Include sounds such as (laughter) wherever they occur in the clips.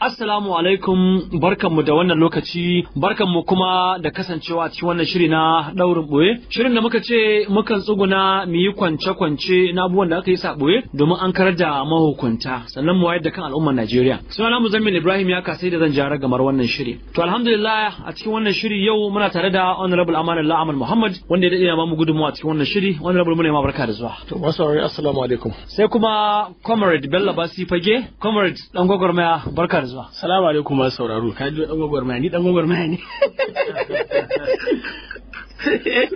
Assalamu alaikum barkanmu da wannan lokaci barkanmu kuma da kasancewa cikin wannan shiri na daurin boye shirin da muka ce mukan tsuguna mu yi kwance kwance na abubuwan da aka yi sa boye domin an karar da mahukunta sannan mu wayar da kan al'ummar Najeriya sunana Muzammil Ibrahim ya kasai da zan jara gamar wannan shiri to alhamdulillah a cikin wannan shiri yau muna tare da Honorable Amanullah Ahmad Muhammad wanda ya dade ya mu gudunmawa cikin wannan shiri Honorable mu ne ma barka da zuwa to assalamu alaikum sai kuma Comrade Bello Basi Fage Comrade dan gwagwarmaya barka da zuwa. Salamu alaikum masu sauraro, ka ji dan gwagwarmaya ni dan gwagwarmaya ne. (laughs)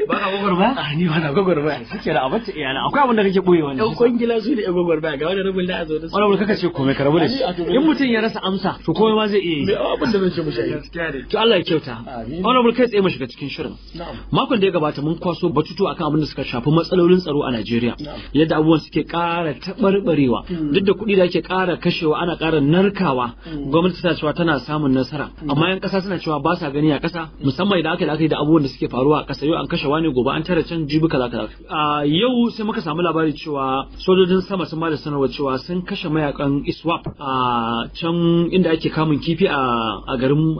ba ka gogor ba a ah, ni ba na gogor ba suke da abacce iyana akwai abin da kake boye wannan yan kwangila su ne yan gogor ba ga wani rubun da a zo da su wani kaka ce komai karabu da shi in mutum ya rasa amsa to komai ma zai iya yi Me abin da zan ce mushi gaskiya ne to Allah ya kyauta wani rubun kai tsaye mu shiga cikin shirin makon da ya gabata mun kwaso batutu akan abin da suka shafi matsalolin tsaro a Najeriya yadda abubuwan suke ƙara tabarbarewa hmm. duk da kuɗi da ake ƙara kashewa ana ƙara narkawa hmm. gwamnati ta cewa tana samun nasara hmm. amma yan ƙasa suna cewa ba sa gani a ƙasa musamman idan aka yi da abubuwan da suke faruwa a kasa yau an kashe wani gobe an tara can jibi kaza kaza a yau sai muka samu labari cewa sojojin sama sun da sanarwa cewa sun kashe mayakan iswap a can inda ake kamun kifi a garin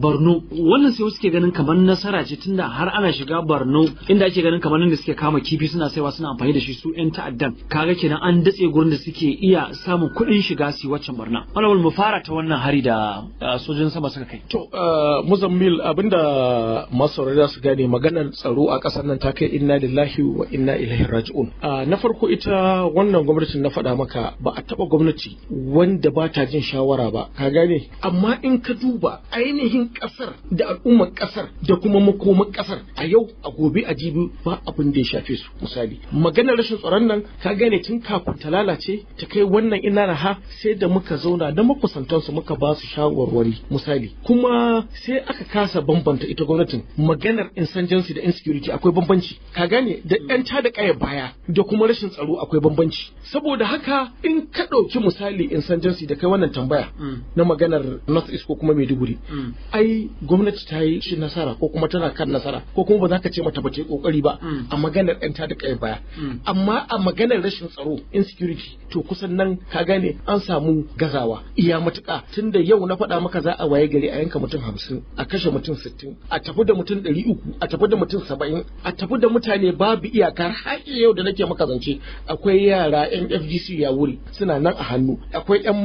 Borno wannan sai suke ganin kamar nasara ce tunda har ana shiga Borno inda ake ganin kamar da suke kama kifi suna saiwa suna amfani da shi su yan ta'addan kaga kenan an datse gurin da suke iya samun kuɗin shiga su waccan barna alawal mu fara ta wannan hari da sojojin sama suka kai to eh, muzammil abinda masaurari za su gane magana maganar tsaro a ƙasar nan ta kai inna lillahi wa inna ilaihi raji'un na farko ita wannan gwamnatin na faɗa maka ba a taɓa gwamnati wanda ba ta jin shawara ba ka gane amma in ka duba ainihin ƙasar da al'ummar ƙasar da kuma makomar ƙasar a yau a gobe a jibi ba abin da ya shafe su misali maganar rashin tsaron nan ka gane tun kafin ta lalace ta kai wannan ina na ha sai da muka zauna da su muka ba su shawarwari misali kuma sai aka kasa bambanta ita gwamnatin maganar in san bambanci da insecurity akwai bambanci ka gane da yan da kaya baya da kuma rashin tsaro akwai bambanci saboda haka in ka ɗauki misali in san jinsi da kai wannan tambaya mm. na maganar north east ko kuma maiduguri mm. ai gwamnati ta yi shi nasara ko kuma tana kan nasara ko kuma ba za ka ce mata ba ta yi kokari ba mm. a maganar yan da kaya baya amma a maganar rashin tsaro insecurity to kusan nan ka gane an samu gazawa iya matuƙa tunda yau na faɗa maka za a waye gari a yanka mutum hamsin a kashe mutum sittin a tafi da mutum ɗari uku a tafi da da mutum saba'in a tafi da mutane babu iyakar har yau da nake maka zance akwai yara yan fgc ya wuri suna nan a hannu akwai yan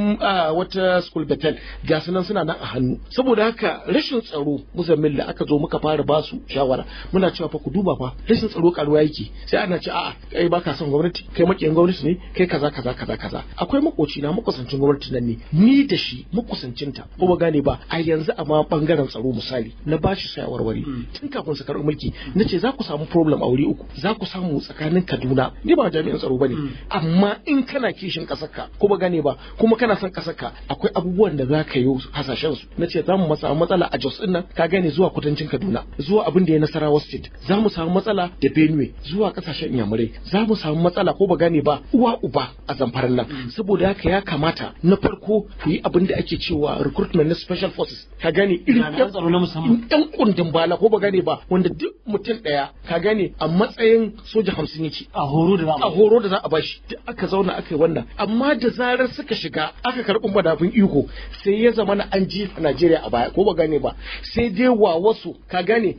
wata school battle ga su nan suna nan a hannu saboda haka rashin tsaro musamman da aka zo muka fara ba su shawara muna cewa fa ku duba fa rashin tsaro karuwa yake sai ana ce a'a kai baka son gwamnati kai makiyan gwamnati ne kai kaza kaza kaza kaza akwai makoci na makusancin gwamnati nan ne ni da shi makusancinta ba gane ba a yanzu a ma bangaren tsaro misali na bashi shawarwari hmm. tun kafin su karɓi mulki na ce za ku samu problem a wuri uku za ku samu tsakanin kaduna ni ba jami'in tsaro ba ne mm. amma in kana kishin ƙasarka ba gane ba kuma kana son ƙasarka akwai abubuwan da za ka yi hasashen su na ce za mu samu matsala a jos ɗin nan ka gane zuwa kudancin kaduna zuwa abin da ya nasarawa state za mu samu matsala da benue zuwa kasashen inyamurai za mu samu matsala ko ba gane ba uwa uba a zamfaran nan mm. saboda haka ya kamata na farko ku yi abin da ake cewa recruitment na special forces ka gane irin yan kundin bala ko ba gane ba wanda duk mutum ɗaya ka gane a matsayin soja hamsin yake a horo da a horo da za a bashi duk aka zauna aka yi wannan amma da zarar suka shiga aka karɓi madafin iko sai ya zama na an jefa Najeriya a baya ko ba gane ba sai dai wa wasu ka gane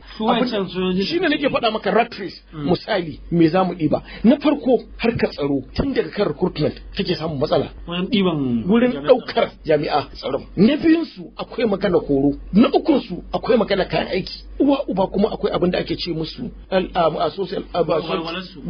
shi ne nake faɗa maka rat race hmm. misali me za mu ɗiba na farko harkar tsaro tun daga kan recruitment take samun matsala wurin ɗaukar jami'a tsaro na biyun su akwai magana horo na ukun su akwai magana kayan aiki uwa uba kuma akwai abin wanda ake ce musu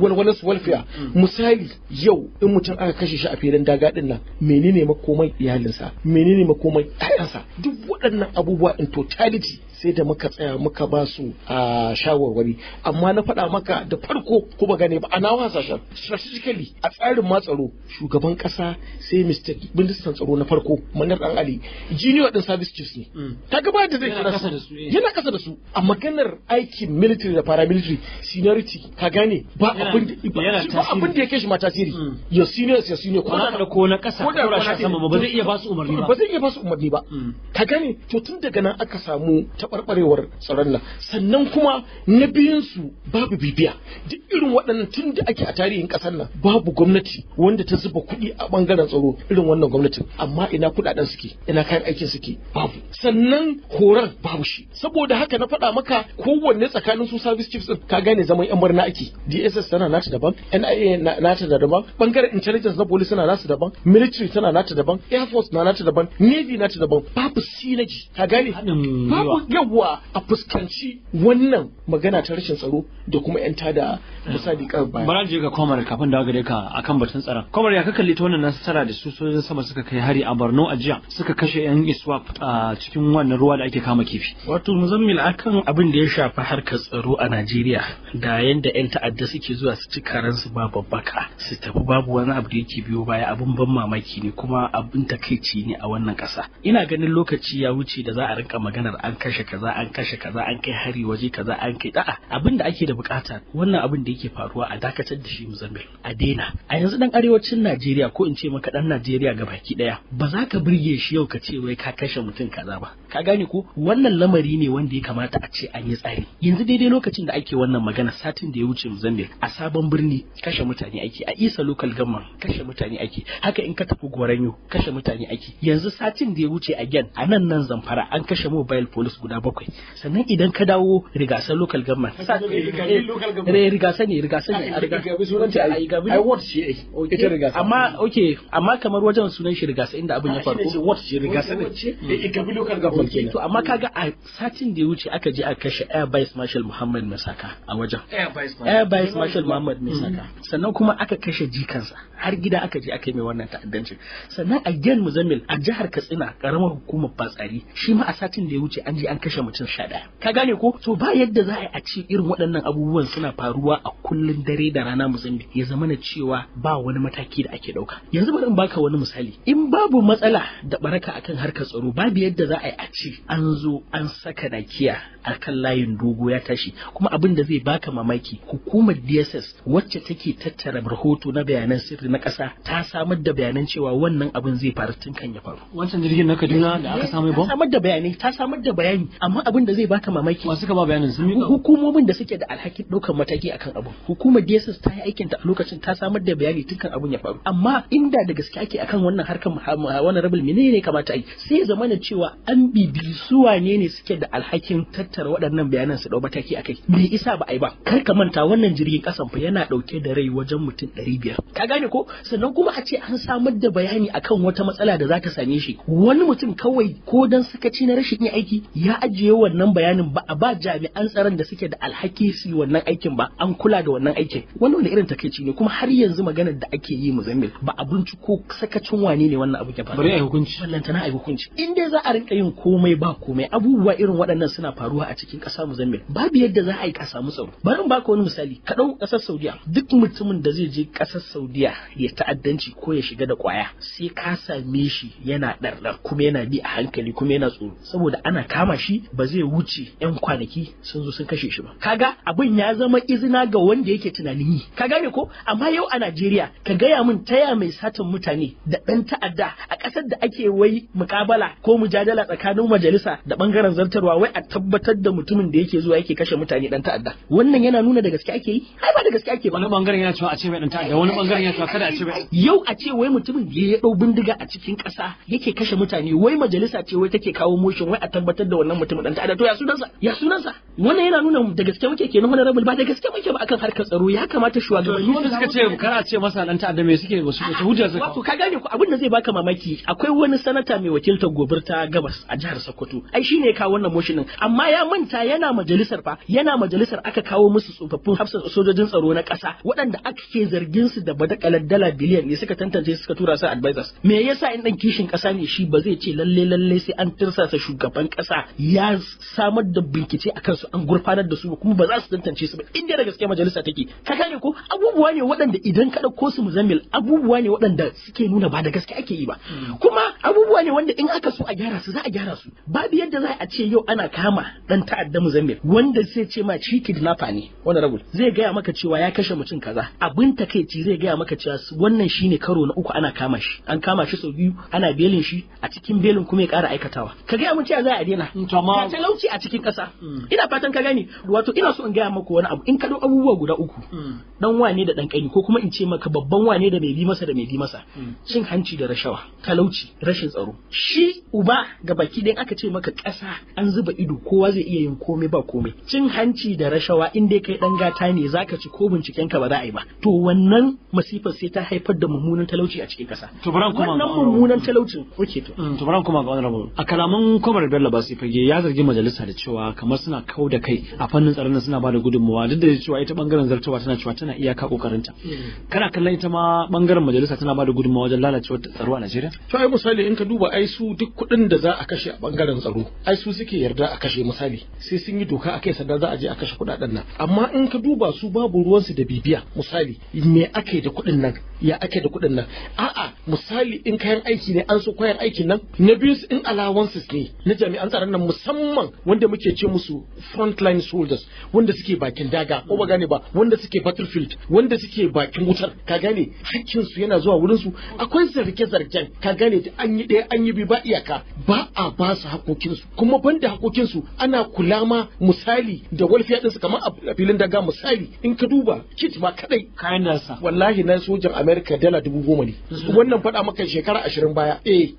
walwalas walfiya mm. misali yau in mutum aka kashe shi a filin daga din nan menene makoman iyalinsa menene makoman a'yansa duk waɗannan abubuwa in totality sai da muka tsaya muka ba su a shawarwari amma na faɗa maka da farko kuma gane ba a nawa hasashen strategically a tsarin ma tsaro shugaban ƙasa sai Mr. Ministan tsaro na farko Manar Dan Ali junior din service chiefs ne hmm. ta gaba da zai kira su eh. yana kasa da su a maganar aikin military da paramilitary seniority ka gane ba abin ba abin da yake shi ma tasiri hmm. your seniors your senior ko da ko na kasa ko da sama ba zai iya ba su umarni ba ba zai iya ba su umarni ba hmm. ka gane to tun daga nan aka samu ta taɓarɓarewar tsaron nan sannan kuma na biyunsu babu bibiya duk irin waɗannan tun da ake a tarihin ƙasar nan babu gwamnati wanda ta zuba kuɗi a ɓangaren tsaro irin wannan gwamnatin amma ina kuɗaɗen suke ina kayan aikin suke babu sannan horar babu shi saboda haka na faɗa maka kowanne tsakanin su service chiefs din ka gane zaman yan murna ake DSS tana nata daban NIA nata daban bangaren intelligence na police tana nata daban military tana nata daban air force na nata daban navy nata daban babu sinaji ka gane babu yawa a fuskanci wannan magana ta rashin tsaro da kuma yan tada da kar baya bara je ga komar kafin da gare ka akan batun tsaron komar ya ka kalli ta wannan nasara da su sojojin sama suka kai hari a Borno a jiya suka kashe yan iswap a cikin wannan ruwa da ake kama kifi wato muzammil akan abin da ya shafi harkar tsaro a Najeriya da yanda yan ta'adda suke zuwa su ci su ba babbaka su tafi babu wani abu da yake biyo baya abin ban mamaki ne kuma abin takaici ne a wannan ƙasa ina ganin lokaci ya wuce da za a rinka maganar an kashe kaza an kashe kaza an kai hari waje kaza an kai da'a abin da ake da bukata wannan abin da yake faruwa a dakatar da shi muzamil a daina a yanzu dan arewacin Najeriya ko in ce maka dan Najeriya ga baki daya ba za ka burge shi yau ka ce wai ka kashe mutum kaza ba ka gane ko wannan lamari ne wanda ya kamata a ce an yi tsari yanzu daidai lokacin da ake wannan magana satin da ya wuce muzamil a sabon birni kashe mutane ake a Isa local government kashe mutane ake haka in ka tafi Goranyo kashe mutane ake yanzu satin da ya wuce a Gen a nan nan Zamfara an kashe mobile police guda bakwai sannan idan ka dawo rigasa local government rigasa eh, eh, ne rigasa ne a amma ok amma kamar wajen sunan shi rigasa inda abin ya ah, faru eh, to amma kaga a satin da ya wuce aka je a kashe air vice marshal muhammad masaka a wajen air vice marshal muhammad masaka mm. sannan kuma aka kashe jikansa har gida aka je aka yi mai wannan ta'addancin sannan a gen muzamil a jihar katsina karamar hukumar batsari shi ma a satin da ya wuce an je an kashe mutum sha ɗaya ka gane ko to ba yadda za a ce irin waɗannan abubuwan suna faruwa a kullum dare da rana musamman ya zama na cewa ba wani mataki da ake ɗauka yanzu bari in baka wani misali in babu matsala da baraka akan harkar tsaro babu yadda za a yi a ce an zo an saka nakiya kan layin dogo ya tashi kuma abin da zai baka mamaki hukumar DSS wacce take tattara rahoto na bayanan sirri na ƙasa ta samar da bayanan cewa wannan abin zai faru tun kan ya faru. Wancan jirgin na Kaduna da aka samu ba? Ta samar da bayanai, ta samar da bayani amma abin da zai baka mamaki masu kama bayanin sun hukumomin da suke da alhakin ɗaukar mataki akan abu hukumar DSS ta yi aikinta a lokacin ta samar da bayani kan abun ya faru amma inda da gaske ake akan wannan harkar rabin mene ne kamata yi sai ya zama cewa an bibi su wane ne suke da alhakin tattara waɗannan bayanan su ɗau mataki akai me isa ba ai ba kar ka manta wannan jirgin kasan fa yana ɗauke da rai wajen mutum ɗari biyar ka gane ko sannan kuma a ce an samar da bayani akan wata matsala da za ta same shi wani mutum kawai ko dan sakaci na rashin aiki ya ajiye wannan bayanin ba a ba jami'an tsaron da suke da alhaki su yi wannan aikin ba an kula da wannan aikin wannan wani irin takaici ne kuma har yanzu maganar da ake yi muzammil ba a binciko sakacin wane ne wannan abu ke faru bari yi hukunci wannan tana yi hukunci in dai za a rinka yin komai ba komai abubuwa irin waɗannan suna faruwa a cikin ƙasa muzammil babu yadda za a yi ka samu tsaro bari in baka wani misali ka ɗau ƙasar Saudiya duk mutumin da zai je ƙasar Saudiya ya ta'addanci ko ya shiga da ƙwaya sai ka same shi yana ɗarɗar kuma yana bi a hankali kuma yana tsoro saboda ana kama shi shi ba zai wuce yan kwanaki sun zo sun kashe shi ba kaga abin ya zama izina ga wanda yake tunanin yi ka gane ko amma yau a Najeriya ka gaya min taya mai satan mutane da ɗan ta'adda a ƙasar da ake wai mukabala ko mujadala tsakanin majalisa da bangaren zartarwa wai a tabbatar da mutumin da yake zuwa yake kashe mutane ɗan ta'adda wannan yana nuna da gaske ake yi ai ba da gaske ake ba wani bangaren yana cewa a ce mai ɗan ta'adda wani bangaren yana cewa kada a ce mai yau a ce wai mutumin da ya ɗau bindiga a cikin ƙasa yake kashe mutane wai majalisa ce wai take kawo motion wai a tabbatar da wannan mutum dan ta'adda to ya sunansa ya sunansa wannan yana nuna da gaske muke kenan honorable ba da gaske muke ba akan harkar tsaro ya kamata shugabanni wanda suka ce kar a ce masa dan ta'adda me suke ba su ta hujja suka wato ka gane ku abin da zai baka mamaki akwai wani sanata mai wakiltar gobir ta gabas a jihar Sokoto ai shine ya kawo wannan motion din amma ya manta yana majalisar fa yana majalisar aka kawo musu tsofaffin hafsan sojojin tsaro na ƙasa waɗanda ake zargin su da badakalar dala biliyan ne suka tantance suka tura su advisors me yasa in dan kishin kasa ne shi ba zai ce lalle lalle sai an sa shugaban ƙasa ya samar da bincike a kansu an gurfanar da su kuma ba za su tantance su ba inda da gaske majalisa take ka gane ko abubuwa ne waɗanda idan ka ɗauko su muzammil abubuwa ne waɗanda suke nuna ba da gaske ake yi ba hmm. kuma abubuwa ne wanda in aka so a gyara su za a gyara su babu yadda za a ce yau ana kama dan ta'adda muzammil wanda sai ce ma shi kidnapper ne wanda rabul zai gaya maka cewa ya kashe mutum kaza abin takeici zai gaya maka cewa wannan shine karo na uku ana kama shi an kama shi sau biyu ana belin shi a cikin belin kuma ya kara aikatawa ka gaya mun cewa za a daina talauci a cikin ƙasa hmm. ina fatan ka gani wato ina so in gaya maka wani abu in kado abubuwa guda uku dan hmm. wane da dan ƙani ko kuma in ce maka babban wane da mai bi masa da mai bi masa hmm. cin hanci da rashawa talauci rashin tsaro shi uba ga baki ɗin aka ce maka ƙasa an zuba ido kowa zai iya yin komai ba komai cin hanci da rashawa in dai kai dan gata ne zaka ci ko binciken ka ba za a yi ba to wannan masifar sai ta haifar da mummunan talauci a cikin ƙasa to kuma wannan mummunan talaucin oke to to kuma ga rabu. a kalaman kwamar bello ba sai fage ya zargi majalisa da cewa kamar suna kau da kai a fannin tsaron suna ba da gudunmuwa duk da cewa ita bangaren zartawa tana cewa tana iyaka kokarinta kana kallon ita ma bangaren majalisa tana ba da gudunmuwa wajen lalacewa tsaro a Najeriya to ai misali in ka duba ai su duk kuɗin da za a kashe a bangaren tsaro ai su suke yarda a kashe misali sai sun yi doka akai sanda za a je a kashe kuɗaɗen nan amma in ka duba su babu ruwan su da bibiya misali me ake da kuɗin nan ya ake da kuɗin nan a'a misali in kayan aiki ne an so kayan aikin nan na biyu in alawansu ne na jami'an tsaron nan musamman wanda muke ce musu frontline soldiers wanda suke bakin daga ko ba gane ba wanda suke battlefield wanda suke bakin wutar ka gane hakkin su yana zuwa wurin su akwai zarge zargen ka gane da an yi ɗaya an yi bi ba iyaka ba a ba su hakokin su kuma banda hakokin su ana kula ma misali da walfiya din su kamar a filin daga misali in ka duba kit ma kadai kayan nasa wallahi na sojan America dala dubu goma ne wannan faɗa maka shekara ashirin baya eh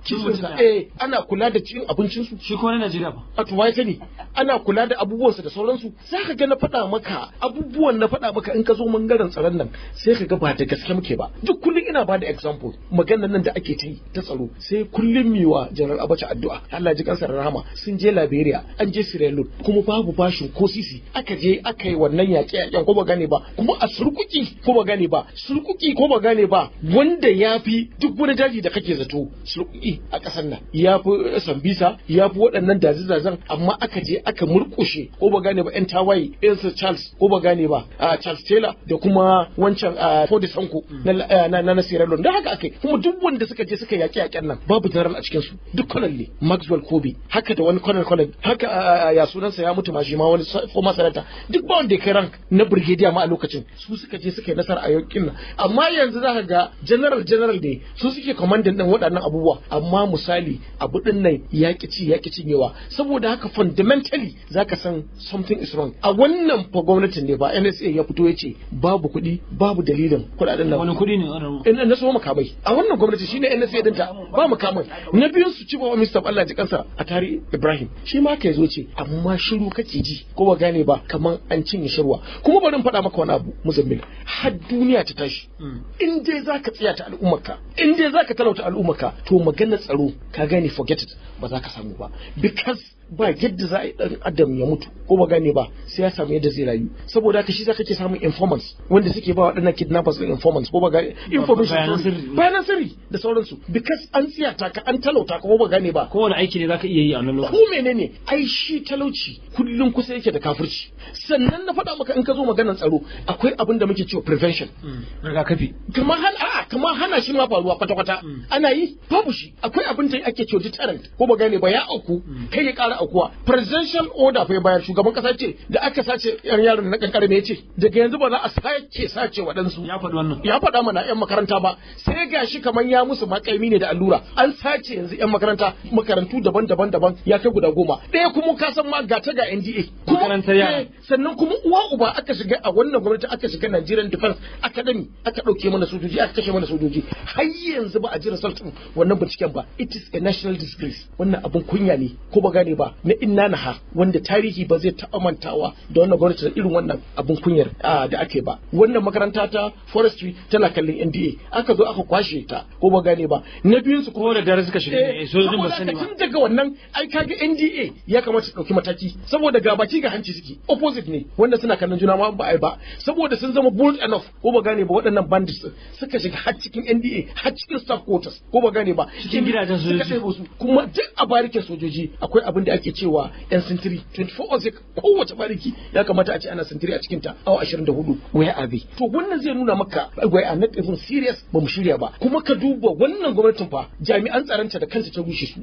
eh ana kula da cikin abincin su shi ko na Najeriya ba a tuwa sani ana kula da abubuwansa da sauransu sai ka ga na faɗa maka abubuwan na faɗa maka in ka zo mangaren tsaron nan sai ka ga ba da gaske muke ba duk kullum ina ba da example maganar nan da ake ta ta tsaro sai kullum miwa janar abacha addu'a Allah ji kansa rahama sun je Liberia an je Sierra Leone kuma babu bashin ko sisi aka je aka yi wannan yaƙe yaƙen ko ba gane ba kuma a surkuki ko ba gane ba surkuki ko ba gane ba wanda ya fi duk wani daji da kake zato surkuki a ƙasar nan ya fi sambisa ya fi waɗannan daji mazajen amma aka je aka murkushe ko ba gane ba yan tawaye Elsa Charles ko ba gane ba a Charles Taylor da kuma wancan Ford Sanko na na na Sierra Leone haka akai kuma duk wanda suka je suka yaki yaken nan babu general a cikin su duk colonel ne Maxwell Kobe haka da wani colonel colonel haka ya sunansa ya mutu ma shi ma wani former senator duk ba wanda ya kai rank na brigadier ma a lokacin su suka je suka yi nasara a yankin nan amma yanzu zaka ga general general ne su suke commanding din waɗannan abubuwa amma misali abu din nan yaki ci yaki cinyewa saboda haka fundamentally ka san something is wrong a wannan fa gwamnatin ne ba NSA ya fito ya ce babu kuɗi babu dalilin kuɗaɗen nan wani kuɗi ne ina na so makamai a wannan gwamnati shine NSA din ta ba makamai na biyun su ci ba Mr. Allah ji kansa a tari Ibrahim shi ma ka yazo ce amma shiru kake ji ko ba gane ba kaman an cinye shirwa kuma bari in faɗa maka wani abu Muzammil har duniya ta tashi hmm. in dai ka tsaya ta al'ummarka in dai ka talauta al'ummarka to maganar tsaro ka gane forget it ba za ka samu ba because ba yadda za a yi dan adam ya mutu ko ba gane ba sai ya samu yadda zai rayu saboda haka shi zaka ke samun informants wanda suke ba waɗannan kidnappers din informants ko ba gane information bayanan sirri da sauransu because an ta ka an talauta ka ko ba gane ba Ko wani aiki ne zaka iya yi a nan lokacin ko menene ai shi talauci kullun kusa yake da kafirci sannan na faɗa maka in ka zo maganar tsaro akwai abin da muke cewa prevention hmm, rigakafi kamar hana a kamar hana shi ma faruwa kwata-kwata hmm. ana yi babu shi akwai abin da ake cewa deterrent ko ba gane ba ya auku hmm. kai ya ƙara akuwa presidential order fa bayar shugaban kasa ce da aka sace yan yaron na kankare me yace daga yanzu ba za a sake sace wadansu ya faɗi wannan ya faɗa mana yan makaranta ba sai gashi kaman ya musu makaimi ne da allura an sace yanzu yan makaranta makarantu daban-daban daban ya kai guda goma ɗaya kuma ka san ma gata ga NDA kuma eh, sannan kuma uwa uba aka shiga a wannan gwamnati aka shiga Nigerian Defense Academy aka ɗauke mana sojoji aka kashe mana sojoji har yanzu ba a ji result wannan binciken ba it is a national disgrace wannan abun kunya ne ko ba gane ne ba na inna naha wanda tarihi ba zai taɓa mantawa da wannan gwamnati da irin wannan abun kunyar da ake ba wannan makaranta ta forestry tana kallon NDA aka zo aka kwashe ta ko ba gane ba na biyun su kuma da dare suka shiga eh, eh, sojojin ba sani ba tun daga wannan ai kaga NDA ya kamata su dauki mataki saboda ga baki ga hanci suke opposite ne wanda suna kallon juna ma ba ai ba saboda sun zama bold enough ko ba gane ba waɗannan bandits suka shiga har cikin NDA har cikin staff quarters ko ba gane ba cikin gidajen sojoji kuma duk a barikin sojoji akwai abin abin da ake cewa yan sintiri 24 hours kowace bariki ya kamata a ce ana sintiri a cikin ta awa 24 waya abi to wannan zai nuna maka wai a not even serious ba mu shirya ba kuma ka duba wannan gwamnatin fa jami'an tsaron ta da kanta ta rushe su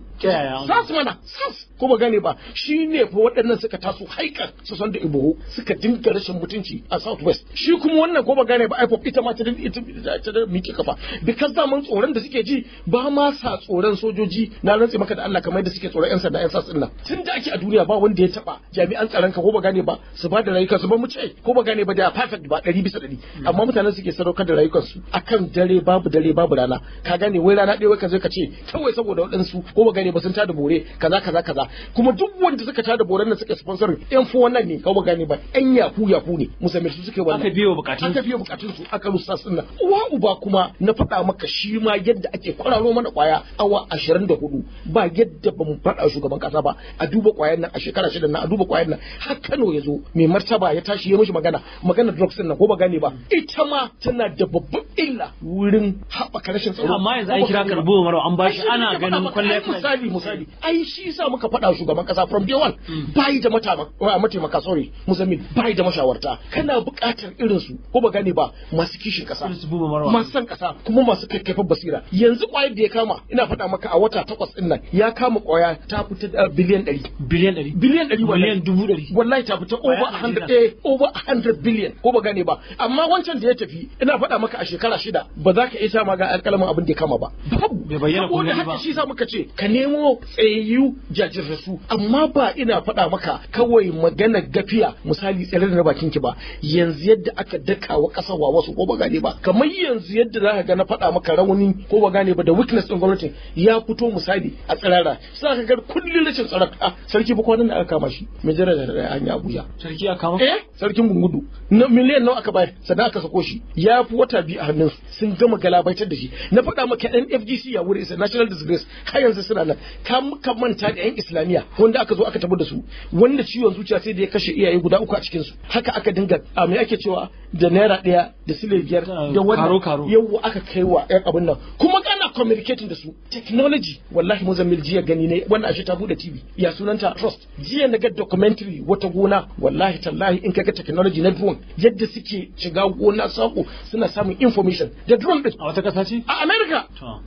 sas mana sas kuma gane ba shine fa waɗannan suka taso haikar su san da ibo suka dinga rashin mutunci a south west. shi kuma wannan ko ba gane ba ipop ita ma ta da miki kafa because da mun tsoron da suke ji ba ma sa tsoron sojoji na rantse maka da Allah kamar da suke tsoron yan sanda yan sas din Allah tun da ake a duniya ba wanda ya taba jami'an tsaron ka ko ba gane ba su ba da rayukansu ba mu ce ko ba gane ba da perfect ba ɗari bisa ɗari hmm. amma mutanen suke sadaukar da rayukansu akan dare babu dare babu rana ka gane wai rana ɗaya ka zo ka ce kawai saboda waɗansu ko ba gane ba sun tada bore kaza kaza kaza kuma duk wanda suka tada boren nan suka sponsor yan fo wannan ne ko ba gane ba yan yafu yafu ne musamman su suke wannan aka biyo bukatun aka biyo bukatun su aka rusa nan uwa uba kuma na faɗa maka shi ma yadda ake kwararo mana kwaya awa 24 ba yadda ba mu faɗa shugaban kasa ba ba a duba kwayan nan a shekara shida na a duba kwayan nan har Kano ya zo mai martaba ya tashi ya mishi magana magana drugs din nan ko ba gane ba ita ma tana da babban illa wurin haɓaka rashin tsaro amma yanzu an kira karbo maro an bashi ana ganin kwalle misali misali ai shi yasa muka faɗa shugaban kasa from day one mm. bai da mataimaka sorry musamman bai da mashawarta kana buƙatar irin su ko ba gane ba masu kishin kasa masu san kasa kuma masu kakkafa basira yanzu kwayar da ya kama ina faɗa maka a wata takwas ɗin nan ya kama kwaya ta fita biliyan ɗari biliyan ɗari biliyan ɗari biliyan dubu ɗari wallahi ta fita over a hundred eh over a hundred billion ko ba gane ba amma wancan da ya tafi ina faɗa maka a shekara shida ba za ka iya sa maga alƙalamin abin da ya kama ba babu bai bayyana ko ne ba shi sa muka ce ka nemo tsayayyu jajirrasu amma ba ina faɗa maka kawai magana gafiya misali tsare da bakin ki ba yanzu yadda aka daka wa ƙasar wa wasu ko ba gane ba kamar yanzu yadda za ka ga na faɗa maka rauni ko ba gane ba da weakness ɗin gwamnati ya fito misali a tsirara sai ka ga kullun rashin tsaraka sarki ba kwanan da aka kama shi mai jira da hanya Abuja sarki ya kama eh sarkin Bungudu na miliyan nawa aka bayar sannan aka sako shi ya fi wata biyu a hannun sun gama galabaitar da shi na faɗa maka yan FGC ya wuri isa national disgrace har yanzu suna nan ka muka manta da yan islamiyya wanda aka zo aka tabu da su wanda ciwon zuciya sai da ya kashe iyaye guda uku a cikin su haka aka dinga a me ake cewa da naira daya da sile biyar da wannan yawo aka kai wa yan abin nan kuma kana communicating da su technology wallahi Mozambique jiya gani ne wannan ashe ta bude TV ya sunanta trust jiya na ga documentary wata gona wallahi tallahi in ga technology na drone yadda suke shiga gona sako suna samun information da drone din a wata kasa ce a America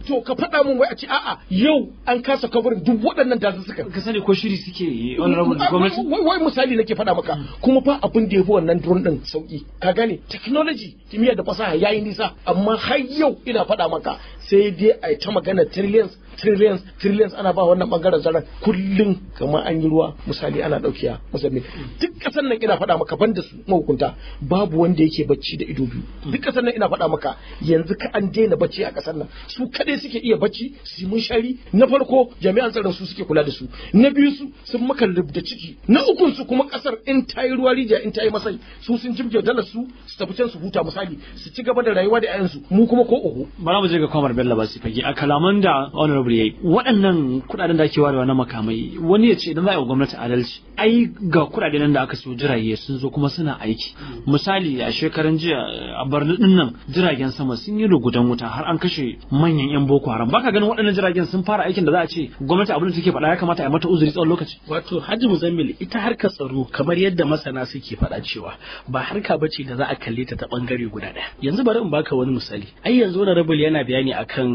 to ka faɗa mun wai a ce a'a yau an kasa kabarin duk waɗannan suka ka sani ko shiri suke honorable mm, gwamnati wai misali nake faɗa maka mm. kuma fa abin da yafi wannan drone din sauki ka gane technology kimiyya da fasaha yayi nisa amma har yau ina faɗa maka sai dai a ta magana trillions trillions trillions ana ba wannan bangaren zarar kullum kamar an yi ruwa misali ana daukiya musamman duk kasar nan ina faɗa maka banda su mahukunta babu wanda yake bacci da ido biyu duk kasar nan ina faɗa maka yanzu ka an daina bacci a kasar nan su kadai suke iya bacci su mun shari na farko jami'an tsaron su suke kula da su na biyu su sun maka da ciki na ukun su kuma kasar in ta yi ruwa rijiya in ta yi masai su sun jibge dalar su su tafi can su huta misali su ci gaba da rayuwa da 'ya'yansu mu kuma ko uku. bara mu je ga kwamar Bello ba fage a kalaman da honorable yayi waɗannan kuɗaɗen da ake warewa na makamai wani ya ce idan za a yi gwamnati adalci ai ga kuɗaɗen nan da aka siyo jirage sun zo kuma suna aiki misali a shekaran jiya a Borno din nan jiragen sama sun yi rugudan wuta har an kashe manyan yan Boko Haram baka ganin waɗannan jiragen sun fara aikin da za a ce gwamnati abin da take faɗa ya kamata a mata uzuri tsawon lokaci wato Hajji Muzammil ita harkar tsaro kamar yadda masana suke faɗa cewa ba harka bace da za a kalle ta ta bangare guda ɗaya yanzu bari in baka wani misali ai yanzu na rabul yana bayani a akan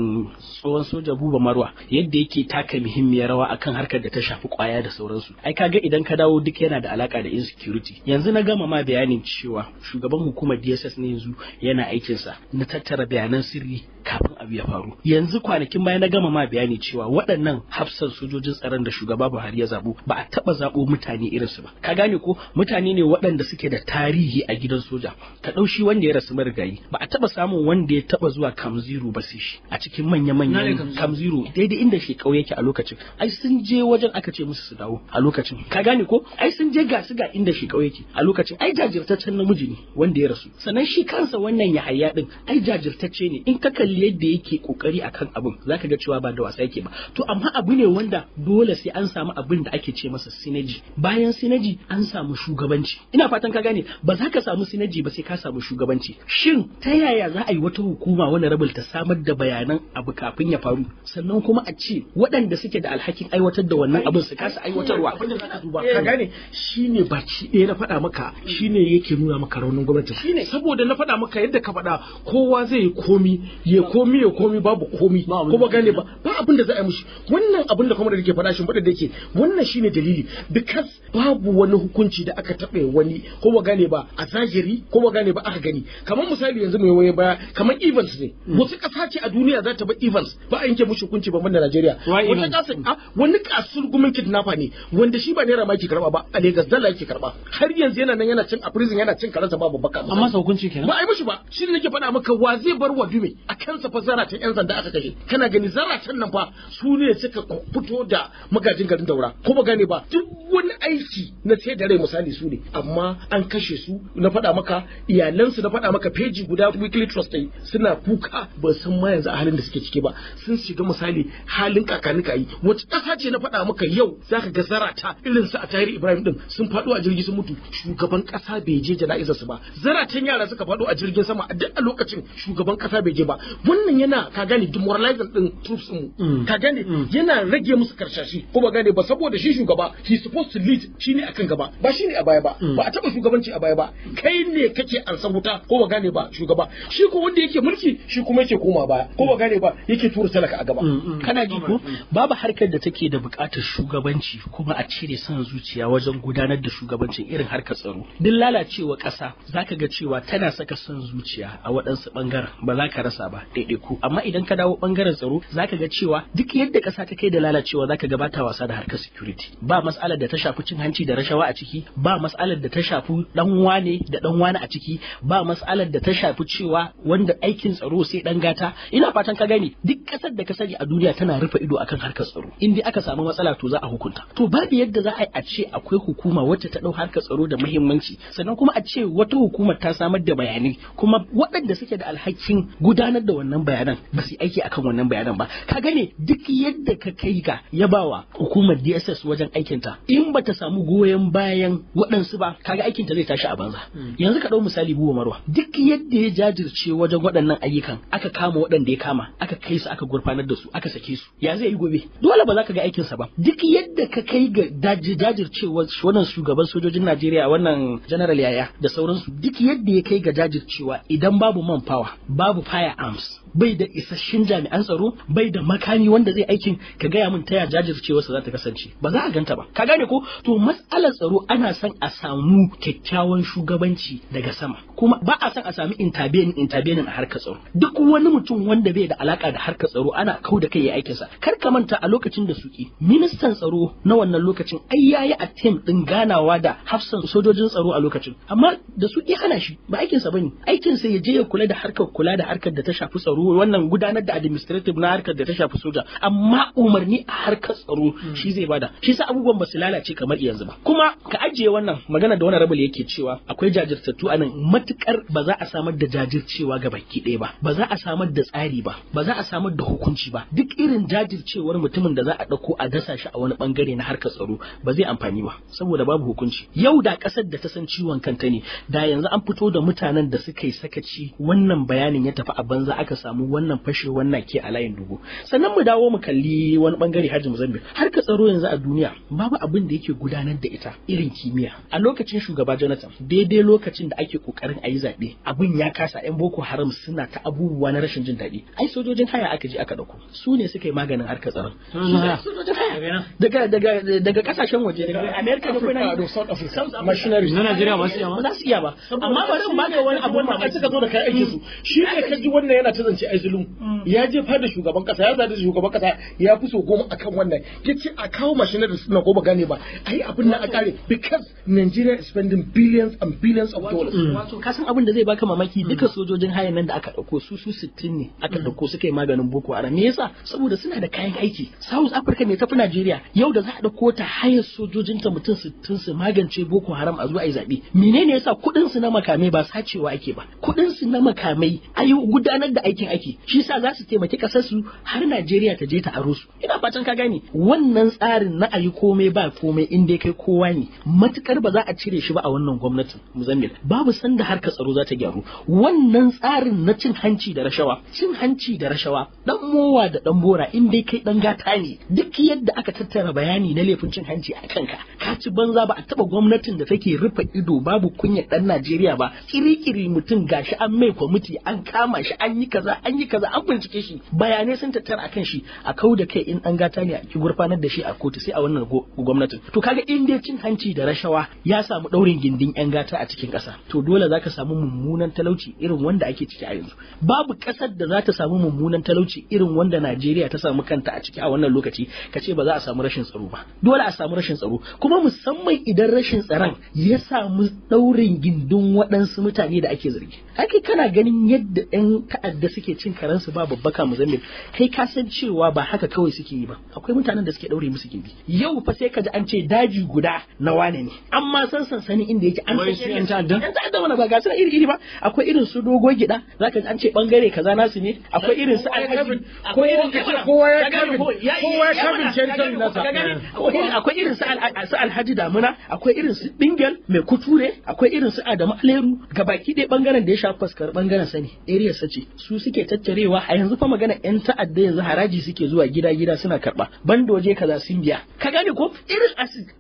tsohon soja buba marwa yadda yake taka muhimmiyar rawa akan harkar da ta shafi kwaya da sauransu ai kaga idan ka dawo duk yana da alaka da insecurity yanzu na gama ma bayanin cewa shugaban hukumar DSS ne yanzu yana aikinsa na tattara bayanan sirri kafin abu ya faru yanzu kwanakin baya na gama ma bayani cewa waɗannan hafsan sojojin tsaron da shugaba Buhari ya zabo ba a taba zabo mutane irin su ba ka gane ko mutane ne waɗanda suke da tarihi a gidan soja ka ɗaushi wanda ya rasu marigayi ba a taba samun wanda ya taba zuwa kamziru ba sai shi a cikin manya manyan kamziru daidai inda shi yake a lokacin ai sun je wajen aka ce musu su dawo a lokacin ka gane ko ai sun je ga su ga inda shi yake a lokacin ai jajirtaccen namiji ne wanda ya rasu sannan shi kansa wannan ya haya din ai jajirtacce ne in ka kalli yadda yake kokari akan abin zaka ga cewa ba da wasa yake ba to amma abu ne wanda dole sai an samu abin da ake ce masa sinaji bayan sinaji an samu shugabanci ina fatan ka gane ba za ka samu sinaji ba sai ka samu shugabanci shin ta yaya za a yi wata hukuma wani rabul ta samar da bayanan abu kafin ya faru sannan kuma a ce waɗanda suke da alhakin aiwatar da wannan abin su kasa aiwatarwa abin da duba ka gane shine baci ɗaya na faɗa maka shine yake nuna maka raunin gwamnati saboda na faɗa maka yadda ka faɗa kowa zai yi komi ya komi ya komi babu komi ko ba gane ba ba abin da za a yi mushi wannan abin da kuma da yake faɗa shi da yake wannan shine dalili because babu wani hukunci da aka taɓa wani ko ba gane ba a zahiri ko ba gane ba aka gani kamar misali yanzu mai waye baya kamar events ne hmm. wasu ƙasa ce a duniya za ta ba events ba a yanke mushi hukunci ba da Najeriya wata ƙasa wani kasur gumin kidnapper ne wanda shi ba naira ma yake karba ba a Lagos dala yake karba har yanzu yana nan yana cin a prison yana cin karansa babu baka. amma sa hukunci kenan ba a yi mushi ba shi ne nake faɗa maka wa zai bar wa dume a kansa fa zaratan yan sanda aka kashe kana gani zaratan nan fa su ne suka fito da magajin garin daura ko ba gane ba duk wani aiki na sai da rai misali su ne amma an kashe su na faɗa maka iyalansu na faɗa maka feji guda weekly trust ɗin suna kuka ba san ma yanzu a halin da suke ciki ba sun shiga misali halin kakanni kayi wace kasa ce na faɗa maka yau zaka ga zarata irin su a tarihi ibrahim din sun faɗo a jirgi su mutu shugaban kasa bai je jana'izar su ba zaratan yara suka faɗo a jirgin sama duk a lokacin shugaban kasa bai je ba wannan yana ka gane demoralizing din troops mu mm. ka gane mm. yana rage musu karshashi ko ba gane ba saboda shi shugaba he supposed to lead shine akan gaba ba shine a baya ba mm. ba a taba shugabanci a baya ba kai ne kake an wuta ko ba gane ba shugaba shi ko wanda yake mulki shi kuma yake koma baya ko ba gane ba yake tura talaka a gaba kana ji ko babu harkar da take da bukatar shugabanci kuma a cire san zuciya wajen gudanar da shugabancin irin harkar tsaro duk lalacewa ƙasa zaka ga cewa tana saka son zuciya a waɗansu ɓangaren ba za ka rasa ba ɗaiɗaiku amma idan ka dawo bangaren tsaro zaka ga cewa duk yadda ƙasa ta kai da lalacewa zaka gabata wasa da harkar security ba mas'alar da ta shafi cin hanci da rashawa a ciki ba mas'alar da ta shafi dan wane da dan wane a ciki ba mas'alar da ta shafi cewa wanda aikin tsaro sai dan gata ina fatan ka gani duk ƙasar da ka sani a duniya tana rufe ido akan harkar tsaro in dai aka samu matsala to za a hukunta to babu yadda za a yi a ce akwai hukuma wacce ta ɗau harkar tsaro da muhimmanci sannan kuma a ce wata hukumar ta samar da bayanai kuma waɗanda suke da alhakin gudanar da wannan bayanan ba su aiki akan wannan bayanan ba ka gane duk yadda ka kai ka ya bawa hukumar DSS wajen aikinta in ba ta samu goyon bayan waɗansu ba kaga aikinta zai tashi a banza hmm. yanzu ka ɗau misali buwa marwa duk yadda ya jajirce wajen waɗannan ayyukan aka kama waɗanda ya kama aka kai su aka gurfanar da su aka sake su ya zai yi gobe dole ba za ka ga aikinsa ba duk yadda ka kai ga jajircewa wannan shugaban sojojin Najeriya wannan general yaya da sauransu duk yadda ya kai ga jajircewa idan babu man power babu fire arms bai da isasshen jami'an tsaro bai da makami wanda zai aikin ka gaya min taya jajircewarsa za ta kasance ba za a ganta ba ka gane ko to matsalar tsaro ana son a samu kyakkyawan shugabanci daga sama kuma ba a son a samu intabenin intabenin a harkar tsaro duk wani mutum wanda bai da alaka da harkar tsaro ana kau da kai ya aikinsa kar ka manta a lokacin da suke. ministan tsaro na wannan lokacin ai yayi attempt din ganawa da hafsan sojojin tsaro a lokacin amma da suke hana shi ba aikinsa bane aikinsa ya je ya kula da harkar kula da harkar da ta shafi shafi tsaro wannan gudanar da administrative na harkar da ta shafi soja amma umarni a harkar tsaro hmm. shi zai bada shi sa abubuwan ba su lalace kamar yanzu ba kuma ka ajiye wannan magana da wani rabul yake cewa akwai jajirtattu a nan matukar ba za a samar da jajircewa ga baki ɗaya ba ba za a samar da tsari ba ba za a samar da hukunci ba duk irin jajircewar mutumin da za a ɗauko a dasa shi a wani bangare na harkar tsaro ba zai amfani ba saboda babu hukunci yau da kasar da ta san ciwon kanta ne da yanzu an fito da mutanen da suka yi sakaci wannan bayanin ya tafi a banza aka samu wannan fashe wannan ke a layin dubu sannan mu dawo mu kalli wani bangare hajji muzambi har ka tsaro yanzu a duniya babu abin da yake gudanar da ita irin kimiyya a lokacin shugaba jonathan daidai lokacin da ake kokarin a yi zaɓe abin ya kasa yan boko haram suna ta abubuwa na rashin jin daɗi ai sojojin haya aka je aka ɗauko su ne suka yi maganin har ka tsaron daga daga daga kasashen waje daga america da kuma south africa machinery na nigeria ba su iya ba amma bari ba baka wani abu wanda suka zo da kayan su mm. shi ne ji wannan yana ta zance ai mm. ya je da shugaban kasa ya zada shugaban kasa ya fi so goma akan wannan yace a kawo da suna goba gane ba ai abin nan a kare because Nigeria is spending billions and billions of dollars mm. wato kasan abin da zai baka mamaki mm. duka sojojin hayan nan da aka dauko su su 60 ne aka dauko suka yi maganin Boko Haram me yasa saboda suna da kayan aiki South Africa ne tafi Nigeria yau da za a dauko ta hayar sojojinta mutum 60 su magance Boko Haram a zuwa ai zabe menene yasa kudin su na makamai ba sacewa ake ba kudin su na makamai ayi gudanar da aikin ake shi sa za su taimaki kasar su har Najeriya ta je ta aro su ina fatan ka gane wannan tsarin na ayi komai ba komai in dai kai kowa ne matukar ba za a cire shi ba a wannan gwamnatin Muzammil babu sanda ka tsaro za ta gyaru wannan tsarin na cin hanci da rashawa cin hanci da rashawa dan mowa da dan bora in dai kai dan gata ne duk yadda aka tattara bayani na laifin cin hanci a kanka ka ci banza ba a taba gwamnatin da take rufe ido babu kunya dan Najeriya ba kirikiri mutum gashi an mai kwamiti an kama shi an yi kaza an yi kaza an bincike shi bayanai sun tattara akan shi a kau da kai in an gata ne a ki gurfanar da shi a kotu sai a wannan gwamnatin to kaga in dai cin hanci da rashawa ya samu daurin gindin yan gata a cikin kasa to dole zaka samu mummunan talauci irin wanda ake ciki a yanzu babu kasar da za ta samu mummunan talauci irin wanda Najeriya ta samu kanta a ciki a wannan lokaci ka ce ba za a samu rashin tsaro ba dole a samu rashin tsaro kuma musamman idan rashin tsaron ya samu daurin gindin waɗansu mutane da ake zargi ake kana ganin yadda ɗan ta'adda da suke cin karansu ba babbaka muzammil kai ka san cewa ba haka kawai suke yi ba akwai mutanen da suke daure musu gibi yau fa sai ka ji an ce daji guda na wane ne amma san sansani inda yake an san yan ta'adda yan ta'adda wannan ba ga su iri iri ba akwai irin su dogo gida zaka ji an ce bangare kaza nasu ne akwai irin su alhaji ko irin kowa ya kabin kowa ya kabin jantan nasa akwai irin su alhaji damuna akwai irin su dingel mai kuture akwai irin su adamu aleru gabaki ɗaya bangaren da ya shafi fuskar bangaren sani area sace su suke tattarewa a yanzu fa magana yan ta'adda yanzu haraji suke zuwa gida gida suna karba banda waje kaza sun biya ka gane ko irin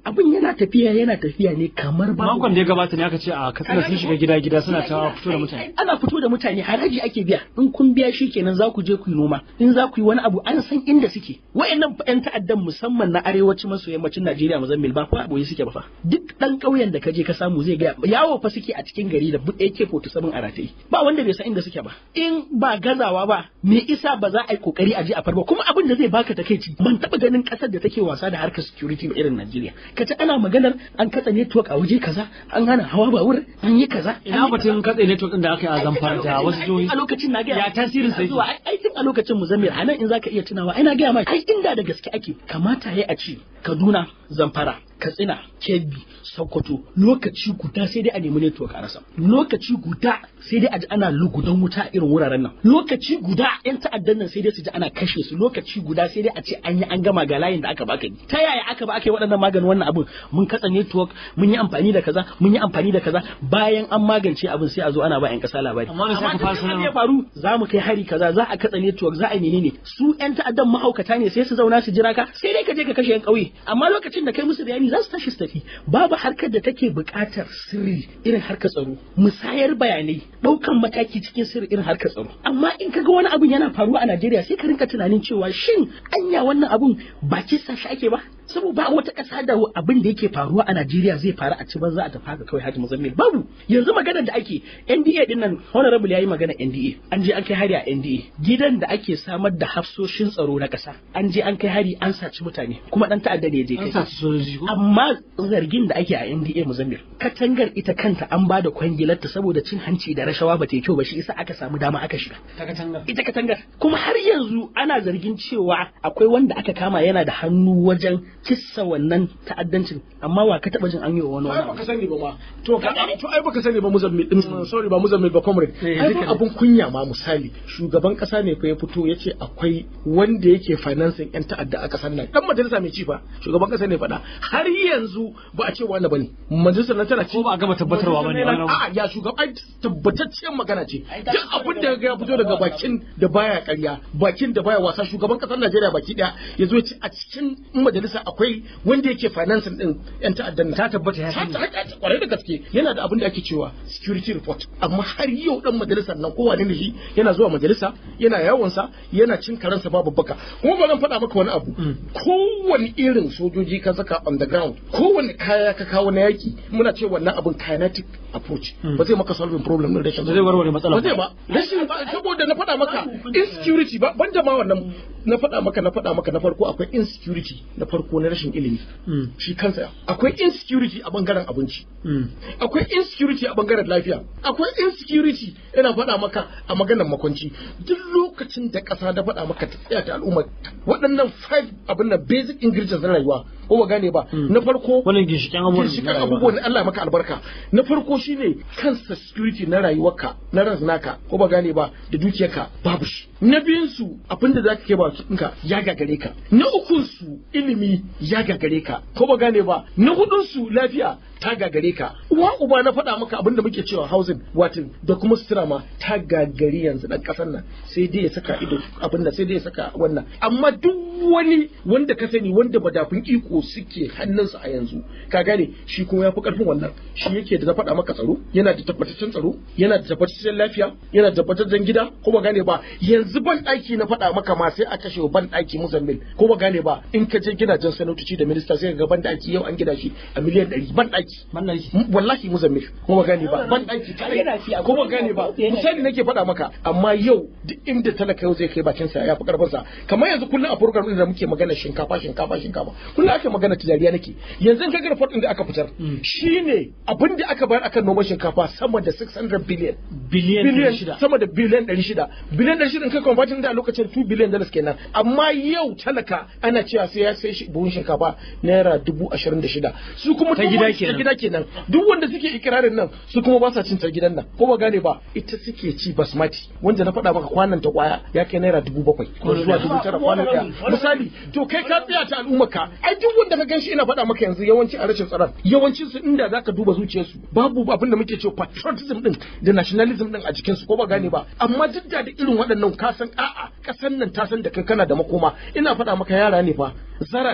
abin yana tafiya yana tafiya ne kamar ba makon da ya gabata ne aka ce a katsina sun shiga gida gida suna ta fito da mutane ana fito da mutane haraji ake biya in kun biya shi kenan za ku je ku yi noma in za ku yi wani abu an san inda suke wayannan yan ta'addan musamman na arewaci maso yammacin Najeriya Mozambique ba fa boye suke ba fa duk dan ƙauyen da ka je ka samu zai ga yawo fa suke a cikin gari da AK47 a rataye ba wanda bai san inda suke ba in ba gazawa ba me isa ba za a yi kokari a je a farba kuma abin da zai baka takeici ban taba ganin kasar da take wasa da harkar security ba irin Najeriya kace ana maganar an katse network a waje kaza an hana hawa babur an yi kaza ina batun katse network din da aka yi a zamfara wasu jihohi a lokacin na ga ya tasirin sai zuwa ai tun a lokacin Muzammil hanan in zaka iya tunawa ina ga mai ai inda da gaske ake kamata yayi a ci Kaduna Zamfara katsina kebbi sokoto lokaci guda sai dai a nemi network a rasa lokaci guda sai dai a ji ana lugudan wuta a irin wuraren nan lokaci guda yan ta'addan nan sai dai su ji ana kashe su lokaci guda sai dai a ce an yi an gama ga layin da aka baka ni ta yaya aka ba aka yi waɗannan maganin wannan abin mun katsa network mun yi amfani da kaza mun yi amfani da kaza bayan an magance abin sai a zo ana ba yan kasa labari amma da ya faru za mu kai hari kaza za a katsa network za a yi menene su yan ta'addan mahaukata ne sai su zauna su jira ka sai dai ka je ka kashe yan kauye amma lokacin da kai musu bayani za su tashi su tafi babu harkar da take buƙatar sirri irin harkar tsaro musayar bayanai ɗaukan mataki cikin sirri irin harkar tsaro amma in ka ga wani abun yana faruwa a Najeriya sai ka rinka tunanin cewa shin anya wannan abun ba kisa shi ake ba saboda ba wata ƙasa da abin da yake faruwa a Najeriya zai faru a ci za a tafi haka kawai Haji Muzammil babu yanzu magana da ake NDA din nan honorable yayi magana NDA an je an kai hari a NDA gidan da ake samar da hafsoshin tsaro na kasa an je an kai hari an saci mutane kuma dan ta'adda ne je kai amma zargin da ake a NDA Muzammil katangar ita kanta an ba da kwangilar ta saboda cin hanci da rashawa ba ta yi kyau ba shi isa aka samu dama aka shiga katangar. ita katangar kuma har yanzu ana zargin cewa akwai wanda aka kama yana da hannu wajen kissa wannan ta'addancin amma wa ka taba jin an yi wa wani wani ba ka sani ba ma to ka to ai sani ba muzammil mm, mm. sorry ba muzammil ba comrade eh, ai abun kunya ma misali shugaban kasa ne fa ya fito yace akwai wanda yake financing yan ta'adda a kasar nan dan majalisa mai ci fa shugaban kasa ne fada har yanzu ba a ce wani bane majalisar nan tana ci ko ba a gama tabbatarwa bane a ya shugaban tabbataccen magana ce duk abin da ya fito daga bakin da baya ƙarya bakin da baya wasa shugaban kasar Najeriya baki daya yazo ya ce a cikin majalisa akwai wanda yake finance din yan ta'addan ta tabbata ya sani kwarai da gaske yana da abin da ake cewa security report amma har yau dan majalisar nan kowa ne shi yana zuwa majalisa yana yawon sa yana cin karansa babu baka kuma ba zan faɗa maka wani abu mm. kowane irin sojoji ka saka on the ground kowane kaya ka kawo na yaki muna ce wannan abin kinetic approach mm. ba zai maka solving problem din rashin ba zai warware matsala ba zai ba rashin saboda na faɗa maka insecurity ba ban ma wannan na faɗa maka na faɗa maka na farko akwai insecurity na farko ko na rashin ilimi hmm. shi kansa akwai insecurity a bangaren abinci hmm. akwai insecurity a bangaren lafiya akwai insecurity yana faɗa maka a maganar makwanci duk lokacin da ƙasa da faɗa maka ta tsaya ta al'umma waɗannan five abin nan basic ingredients na rayuwa ko ba gane ba hmm. na farko wannan ginshiƙen abubuwan Allah maka albarka na farko shine kansa security na rayuwarka na raznaka ko ba gane ba da dukiyarka babu shi na biyun su abin da zaka kai ba ka ya gagare ka na ukun ilimi ya gagare ka ko ba gane ba na hudun lafiya ta gagare ka uwa uba na faɗa maka abinda muke cewa housing watin da kuma sutura ma ta gagari yanzu na ƙasar nan sai dai ya saka ido abin da sai dai ya saka wannan amma duk wani wanda ka sani wanda madafin iko suke hannunsa a yanzu ka gane shi kuma ya fi karfin wannan shi yake da na faɗa maka tsaro yana da tabbataccen tsaro yana da tabbataccen lafiya yana da tabbataccen gida ko ba gane ba yanzu ban ɗaki na faɗa maka ma sai a kashe ban ɗaki muzammil ko ba gane ba in ka je gidajen sanatoci da minista sai ka ga ban ɗaki yau an gida shi a miliyan ɗari ban ɗaki hmm, wallahi muzammil ko ba gane ba ban ɗaki ko ba gane ba misali nake faɗa maka amma yau duk inda talaka yau zai kai bakin sa ya fi karfin sa kamar yanzu kullum a program report da muke magana shinkafa shinkafa shinkafa kullum ake magana tijariya nake yanzu in kaga report din da aka fitar mm. shine abin da aka bayar akan noman shinkafa sama da 600 billion billion sama da billion 600 billion 600 in kai converting da lokacin 2 billion dollars kenan amma yau talaka ana cewa sai ya sai buhun shinkafa naira 26 su kuma ta gida kenan duk wanda suke ikirarin nan su kuma ba sa cin ta gidan nan ko ba gane ba ita suke ci basmati wanda na faɗa maka kwanan ta kwaya ya kai naira dubu bakwai ko zuwa dubu tara kwanan ɗaya misali to kai ka tsaya ta ka ai duk wanda ka ganshi ina faɗa maka yanzu yawanci a rashin tsaron yawancin su inda zaka duba zuciyarsu babu abin da muke cewa patriotism din da nationalism din a jikin su ko ba gane ba amma duk da irin waɗannan ka san a'a kasan nan ta san da kai kana da makoma ina faɗa maka yara ne fa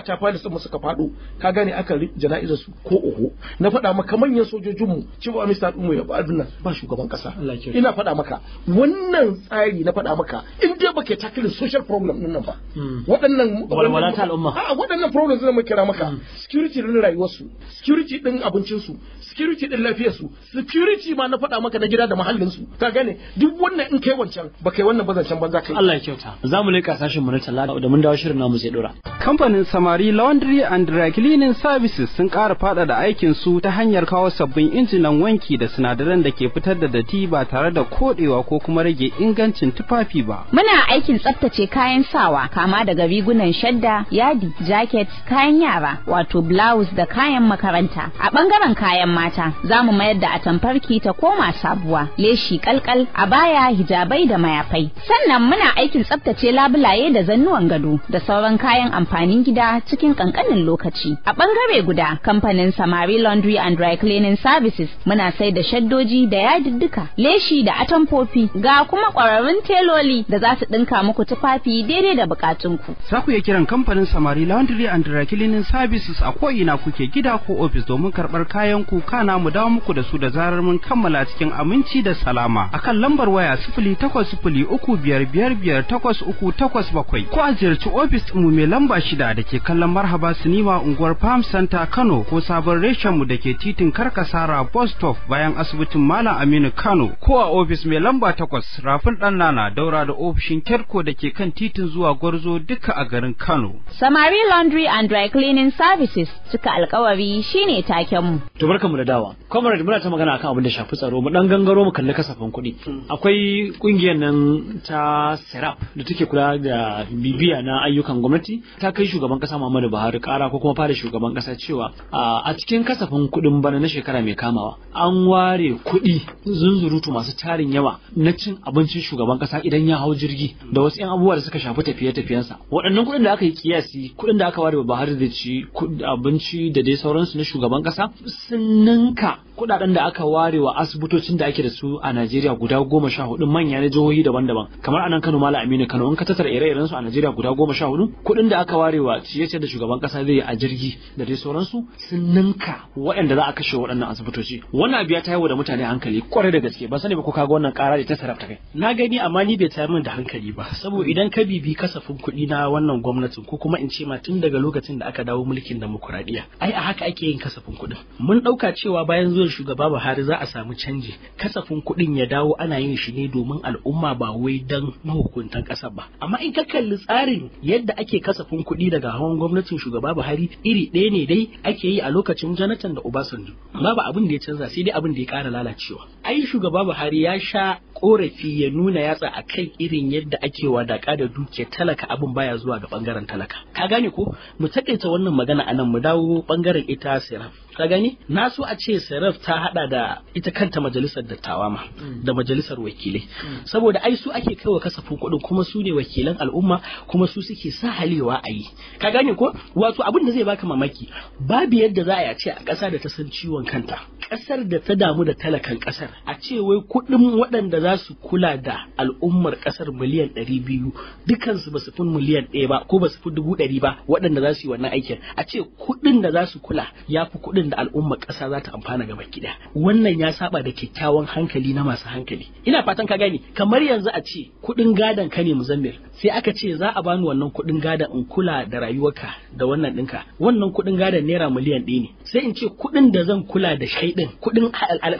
ta fali sun suka faɗo ka gane aka jana'izar su ko oho na faɗa maka manyan sojojin mu cewa amista din mu ya ba dinnan ba shugaban kasa ina faɗa maka wannan tsari na faɗa maka in dai ke tackle social problem din nan ba hmm. waɗannan walwala ta al'umma a waɗannan problems din mu kira maka hmm. security din rayuwar su security din abincin su security din lafiyar su security ma na faɗa maka na gida da muhallin su ka gane duk wannan in kai wancan ba kai wannan ba zancen banza kai Allah ya kyauta za mu leƙa sashin mu na talata da mun dawo shirin namu sai dora kamfanin kamfanin Samari Laundry and Dry Cleaning Services sun ƙara faɗaɗa aikin su ta hanyar kawo sabbin injinan wanki da sinadaran da ke fitar da datti ba tare da koɗewa ko kuma rage ingancin tufafi ba. Muna aikin tsaftace kayan sawa kama daga rigunan shadda, yadi, jaket, kayan yara, wato blouse da kayan makaranta. A ɓangaren kayan mata, za mu mayar da atamfarki ta koma sabuwa, leshi kalkal, a baya hijabai da mayafai. Sannan muna aikin tsaftace labulaye da zannuwan gado da sauran kayan amfani gida cikin kankanin lokaci. A bangare guda, kamfanin Samari Laundry and Dry Cleaning Services muna sai da shaddoji da yadiddika, leshi da atamfofi, ga kuma ƙwararrun teloli da za su dinka muku tufafi daidai da buƙatunku. Za ku iya kiran kamfanin Samari Laundry and Dry Cleaning Services a ko ina kuke gida ko ofis domin karɓar kayan ku kana mu dawo muku da su da zarar mun kammala cikin aminci da salama. Akan lambar waya sifili takwas sifili uku biyar biyar biyar takwas uku takwas bakwai ko a ziyarci ofis mu mai lamba shida da ke kallon Marhaba Sinima unguwar Palm Center Kano ko sabon reshen mu da ke titin Karkasara Bus Stop bayan asibitin Malam Aminu Kano ko a ofis mai lamba takwas Rafin Dan Nana daura da ofishin Kerko da ke kan titin zuwa Gwarzo duka a garin Kano. Samari Laundry and Dry Cleaning Services suka alkawari shine takenmu. To barkamu da dawa. Comrade muna ta magana akan abin da shafi tsaro mu dan gangaro mu kalli kasafin kuɗi. Akwai kungiyar nan ta Serap da take kula da bibiya na ayyukan gwamnati ta kai shugaba shugaban kasa Muhammadu Buhari kara ko kuma fara shugaban kasa cewa a cikin kasafin kuɗin bana na shekara mai kamawa an ware kuɗi zunzurutu masu tarin yawa na cin abincin shugaban kasa idan ya hau jirgi da wasu 'yan abubuwa da suka shafi tafiye-tafiyensa waɗannan kuɗin da aka yi kiyasi kuɗin da aka ware wa Buhari da ci abinci da dai sauransu na shugaban kasa sun ninka kuɗaɗen da aka ware wa asibitocin da ake da su a Najeriya guda goma sha hudu manya na jihohi daban-daban kamar anan Kano Malam Aminu Kano in ka tattara ire-iren a Najeriya guda goma sha hudu kuɗin da aka ware wa ciye-ciye da shugaban kasa zai yi a jirgi da dai sauransu sun ninka waɗanda za a kashe waɗannan asibitoci wannan abu ya wa da mutane hankali kwarai da gaske ban sani ba ko kaga wannan ƙara da ta sarrafa kai na gani amma ni bai tayar min da hankali ba saboda idan ka bibi kasafin kuɗi na wannan gwamnatin ko kuma in ce ma tun daga lokacin da aka dawo mulkin demokuraɗiyya ai a haka ake yin kasafin kuɗin mun ɗauka cewa bayan zuwan shugaba Buhari za a samu canji kasafin kuɗin ya dawo ana yin shi ne domin al'umma ba wai dan mahukuntan kasa ba amma in ka kalli tsarin yadda ake kasafin kuɗi daga daga hawan gwamnatin shugaba Buhari iri ɗaya ne dai ake yi a lokacin Jonathan da Obasanjo sandu babu abin da ya canza sai dai abin da ya ƙara lalacewa ai shugaba Buhari ya sha korafi ya nuna yatsa a kan irin yadda ake wadaka da dukiyar talaka abin baya zuwa ga bangaren talaka ka gane ko mu taƙaita wannan magana a nan mu dawo ɓangaren ita siraf ka gani na so a ce saraf ta hada da ita kanta majalisar dattawa ma mm. da majalisar wakilai mm. saboda ai su ake kaiwa kasafin kuɗin kuma su ne wakilan al'umma kuma su suke sa halewa a yi ka gane ko wato abin da zai baka mamaki babu yadda za a ce a ƙasa da ta san ciwon kanta Kasar da ta damu da talakan kasar a ce wai kuɗin waɗanda za su kula da al'ummar kasar miliyan ɗari biyu dukansu ba su fi miliyan ɗaya ba ko ba su fi dubu ɗari ba waɗanda za su yi wannan aikin a ce kuɗin da za su kula ya fi kuɗin da al'ummar ƙasa za ta amfana gaba kiɗa wannan ya saba da kyakkyawan hankali na masu hankali ina fatan ka gani kamar yanzu a ce kuɗin gadon ka ne muzammil sai aka ce za a bani wannan kuɗin gadon in kula da rayuwarka da wannan ɗinka wannan kuɗin gadon naira miliyan ɗaya ne sai in ce kuɗin da zan kula da shai ɗin din kuɗin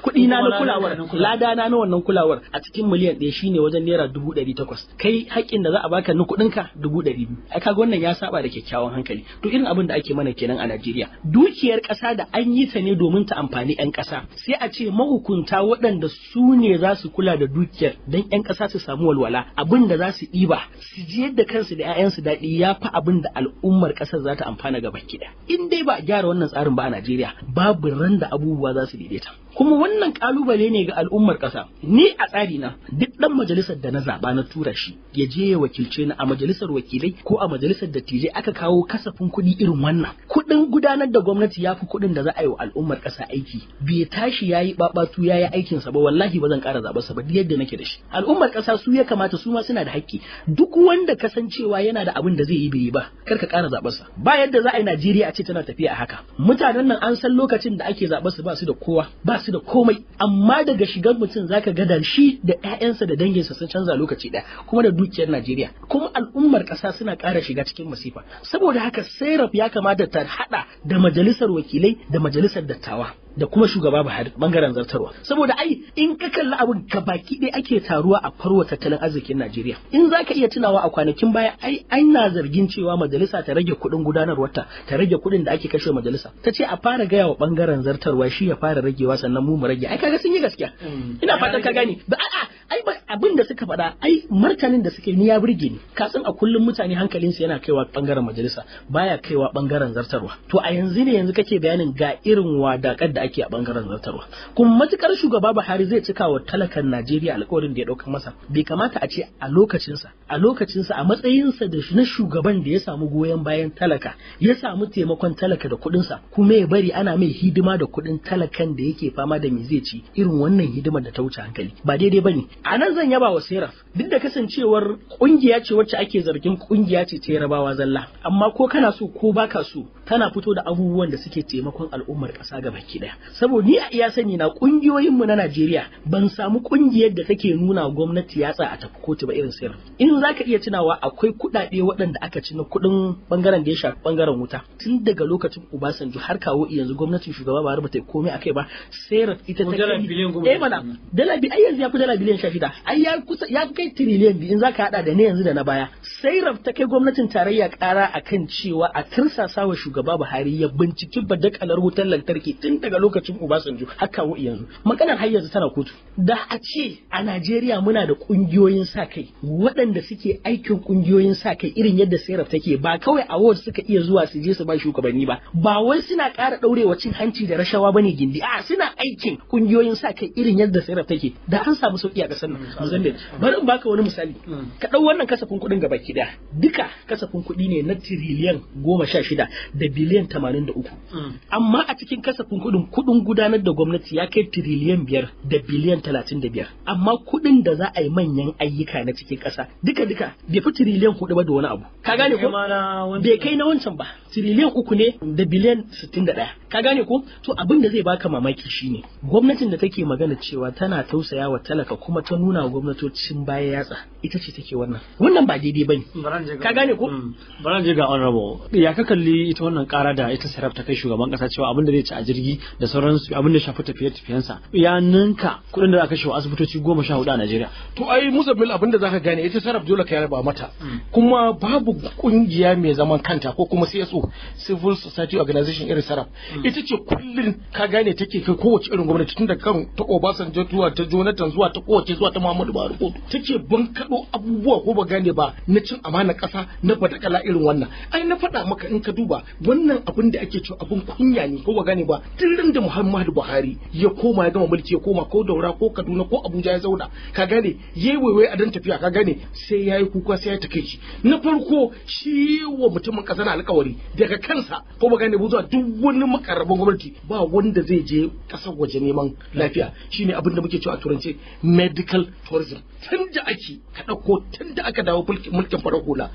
kuɗi na na kulawar lada na na wannan kulawar a cikin miliyan ɗaya shine wajen naira dubu ɗari takwas kai haƙƙin da za a baka na kuɗin dubu ɗari biyu kaga wannan ya saba da kyakkyawan hankali to irin abin da ake mana kenan a Najeriya dukiyar ƙasa da an yi ta ne domin ta amfani ƴan ƙasa sai a ce mahukunta waɗanda su ne za su kula da dukiyar dan ƴan ƙasa su samu walwala abin da za su ɗiba su ji yadda kansu da ƴaƴansu daɗi ya fi abin da al'ummar ƙasar za ta amfana gaba kiɗa in dai ba a gyara wannan tsarin ba a Najeriya babu ran da abubuwa za Así su kuma wannan kalubale ne ga al'ummar kasa ni a tsari na duk dan majalisar da na zaba na tura shi ya je ya wakilce ni a majalisar wakilai ko a majalisar dattijai aka kawo kasafin kuɗi irin wannan kuɗin gudanar da gwamnati ya fi kuɗin da za a yi wa al'ummar kasa aiki bai tashi ya yi ɓaɓatu ya yi aikinsa ba wallahi ba zan ƙara zaɓarsa ba yadda nake da shi al'ummar kasa su ya kamata su ma suna da haƙƙi duk wanda kasancewa yana da abin da zai yi bai ba kar ka ƙara zaɓarsa ba yadda za a yi Najeriya a ce tana tafiya a haka mutanen nan an san lokacin da ake zaɓarsu ba su da kowa ba su da komai amma daga shigar mutum zaka ga da shi da ƴaƴansa da danginsa sun canza lokaci ɗaya kuma da dukiyar Najeriya kuma al'ummar ƙasa suna ƙara shiga cikin masifa saboda haka Serap ya kamata ta haɗa da majalisar wakilai da majalisar dattawa da kuma shugaba Buhari bangaren zartarwa saboda ai in ka kalli abin ka baki dai ake taruwa a farwa tattalin arzikin Najeriya in zaka iya tunawa a kwanakin baya ai an na zargin cewa majalisa ta rage kuɗin gudanarwata ta rage kuɗin da ake kashe majalisa ta ce a fara gaya wa bangaren zartarwa shi ya fara ragewa sannan mu mu rage ai kaga sun yi gaskiya mm. ina fatan ka gane ba a'a ai abin da suka faɗa ai martanin da suke ni ya burge ni kasan a kullum mutane hankalinsu yana kaiwa bangaren majalisa baya kaiwa bangaren zartarwa to a yanzu ne yanzu kake bayanin ga irin wadakar da ake a bangaren zartarwa kuma matukar shugaba Buhari zai cika wa talakan Najeriya alƙawarin da ya ɗauka masa bai kamata a ce a lokacinsa a lokacinsa a matsayinsa da na shugaban da ya samu goyon bayan talaka ya samu taimakon talaka da kuɗinsa kuma ya bari ana mai hidima da kuɗin talakan da yake fama da me zai ci irin wannan hidimar da ta wuce hankali ba daidai bane a nan zan yaba wa seraf duk da kasancewar kungiya ce wacce ake zargin kungiya ce ta yarabawa zalla amma ko kana so ko baka so tana fito da abubuwan da suke taimakon al'ummar ƙasa gaba ki ɗaya saboda ni a iya sani na ƙungiyoyin mu na Najeriya ban samu ƙungiyar da take nuna gwamnati yatsa a tafi kotu ba irin sirri in za ka iya tunawa akwai kuɗaɗe waɗanda aka ci na kuɗin bangaren da ya shafi bangaren wuta tun daga lokacin Obasanjo har kawo yanzu gwamnatin shugaba Buhari ba ta yi komai akai ba sai ita ta kai eh mana dala bi ai yanzu ya fi dala biliyan sha shida ai ya kusa ya kai tiriliyan biyu in ka hada da ne yanzu da na baya sai ta kai gwamnatin tarayya ƙara akan cewa a tursasa wa shugaba Buhari ya binciki badakalar wutar lantarki tun daga lokacin Obasanjo har kawo yanzu maganar har yanzu tana kotu da a ce a Najeriya muna da kungiyoyin sa kai waɗanda suke aikin kungiyoyin sa kai irin yadda Serap take ba kawai a award suka iya zuwa su je su ba shugabanni ba ba wai suna ƙara ɗaurewa cin hanci da rashawa bane gindi a suna aikin kungiyoyin sa kai irin yadda Serap take da an samu sauki a ƙasar nan bari in baka wani misali hmm. ka ɗau wannan kasafin kuɗin gaba ki duka kasafin kuɗi ne na tiriliyan goma sha shida da biliyan 83 amma a cikin kasafin kuɗin kuɗin gudanar da gwamnati ya kai tiriliyan biyar da biliyan talatin da biyar. amma kuɗin da za a yi manyan ayyuka na cikin kasa duka duka bai fi tiriliyan kuɗi ba da wani abu ka gane ko bai kai na wancan ba tiriliyan uku ne da biliyan 61 ka gane ko to abin da zai baka mamaki shine gwamnatin da take magana cewa tana tausaya wa talaka kuma ta nuna wa gwamnatocin baya yatsa ita ce take wannan wannan ba daidai bane ka gane ko mm. baran je ga honorable ya ka kalli ita wannan kara da ita sarraf ta kai shugaban kasa cewa abin da zai ci a jirgi da sauran abin da shafi tafiye sa ya ninka kuɗin da aka shi wa asibitoci goma sha hudu a Najeriya to ai Musa bil abin da zaka gane ita sarraf dole ka yarba mata mm. kuma babu kungiya mai zaman kanta ko kuma CSO civil society organization irin sarraf. Mm. ita ce kullum ka gane take kai kowace irin gwamnati tun da kan ta Obasanjo zuwa ta Jonathan zuwa ta kowace zuwa ta Muhammadu Buhari ko take kaɗo abubuwa ko ba gane ba na cin amana ƙasa na fadakala irin wannan ai na faɗa maka in ka duba wannan abin da ake cewa abin kunya ne ko ba gane ba tun da Muhammadu Buhari ya koma ya gama mulki ya koma ko Daura ko Kaduna ko Abuja ya zauna ka gane yayi waiwai a dan tafiya ka gane sai yayi kuka sai ya takeici na farko shi wa mutumin ƙasa na alƙawari daga kansa ko ba gane ba zuwa duk wani maka karrabin gwamnati ba wanda zai je kasar waje neman lafiya shine abin da muke cewa a turance medical tourism tun da ake ka ɗauko tun da aka dawo mulkin fara hula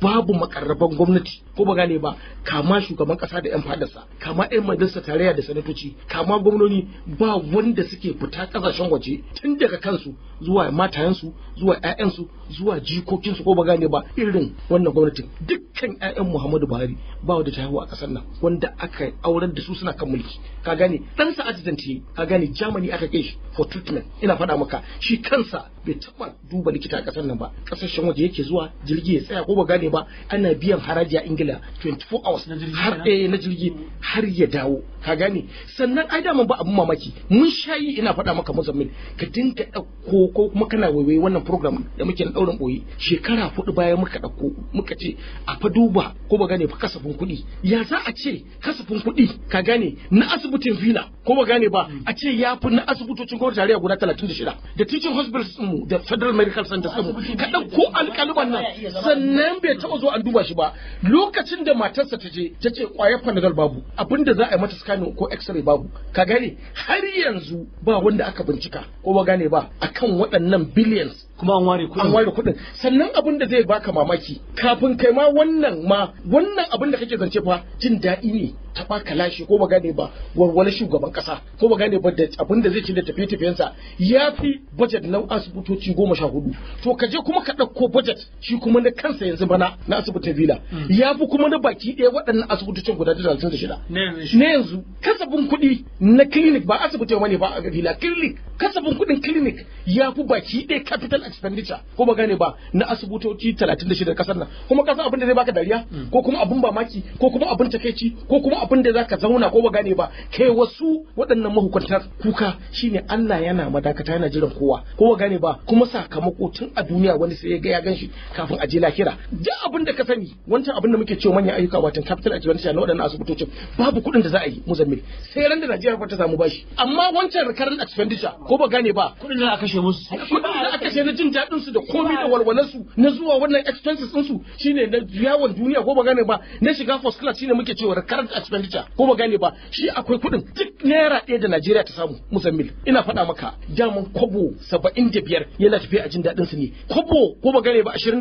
babu makarraban gwamnati ko ba gane ba kama shugaban ƙasa da 'yan fadarsa kama 'yan majalisar tarayya da sanatoci kama gwamnoni ba wanda suke fita kasashen waje tun daga kansu zuwa matayensu zuwa 'ya'yansu zuwa jikokinsu ko ba gane ba irin wannan gwamnatin dukkan 'ya'yan muhammadu buhari ba wanda ta a ƙasar nan wanda aka auren da su suna kan mulki ka gane dan sa ka gane Germany aka kai shi for treatment ina faɗa maka shi kansa bai taba duba likita a kasar nan ba kasashen waje yake zuwa jirgi ya tsaya ko ba gane ba ana biyan haraji a ingila 24 hours har eh na jirgi har ya dawo ka gane sannan ai daman ba abun mamaki mun shayi ina faɗa maka musamman ka dinka ɗauko ko kuma kana waiwai wannan program da muke na ɗaurin ɓoye shekara hudu bayan muka ɗauko muka ce a fa duba ko ba gane fa kasafin kuɗi ya za a ce kasafin kuɗi ka gane na asibitin fila ko ba gane ba a ce ya fi na asibitocin gwamnati tarayya guda 36 da teaching hospitals samu da federal medical center samu ka ɗauko alƙaliban nan sannan bai taɓa zo an duba shi ba lokacin da matarsa ta je ta ce ƙwayar panadol babu abinda za a yi mata scanning ko x-ray babu ka gane har yanzu ba wanda aka bincika ko ba gane ba akan waɗannan billions kuma an ware kuɗin an ware kuɗin sannan abin da zai baka mamaki kafin kai ma wannan ma wannan abin da kake zance fa jin daɗi ne ta baka lashe ko ba gane ba warware shugaban kasa ko ba gane ba da abin da zai ci da tafiye sa ya fi budget na asibitoci goma sha hudu to ka je kuma ka ɗauko budget shi kuma na kansa yanzu bana na asibitin villa hmm. ya fi kuma na baki ɗaya waɗannan asibitocin guda talatin da shida na yanzu kasafin kuɗi na clinic ba asibitin wani ba a villa clinic kasafin kudin clinic ya fi baki ɗaya capital expenditure ko ba gane ba na asibitoci 36 kasar nan kuma ka san abin da zai baka dariya ko kuma abin maki ko kuma abin takeici ko kuma abin da zaka zauna ko ba gane ba kai wasu waɗannan mahukuntar kuka shine Allah yana madakata yana jiran kowa ko ba gane ba kuma sakamako tun a duniya wani sai ya ga ya ganshi kafin a je lahira duk abin da ka sani wancan abin da muke cewa manyan ayyuka wato capital expenditure na waɗannan asibitocin babu kuɗin da za a yi muzammil sai ran da Najeriya ta samu bashi amma wancan recurrent expenditure ko ba gane ba Kudin da aka kashe musu Kudin da aka kashe na jin daɗin su da komai da walwalar su na zuwa wannan expenses din su shine na yawon duniya ko ba gane ba na shiga first class shine muke cewa current expenditure ko ba gane ba shi akwai kuɗin duk naira ɗaya da Najeriya ta samu musammil ina faɗa maka daman kobo saba'in da biyar yana tafiya a jin daɗin su ne kobo ko ba gane ba ashirin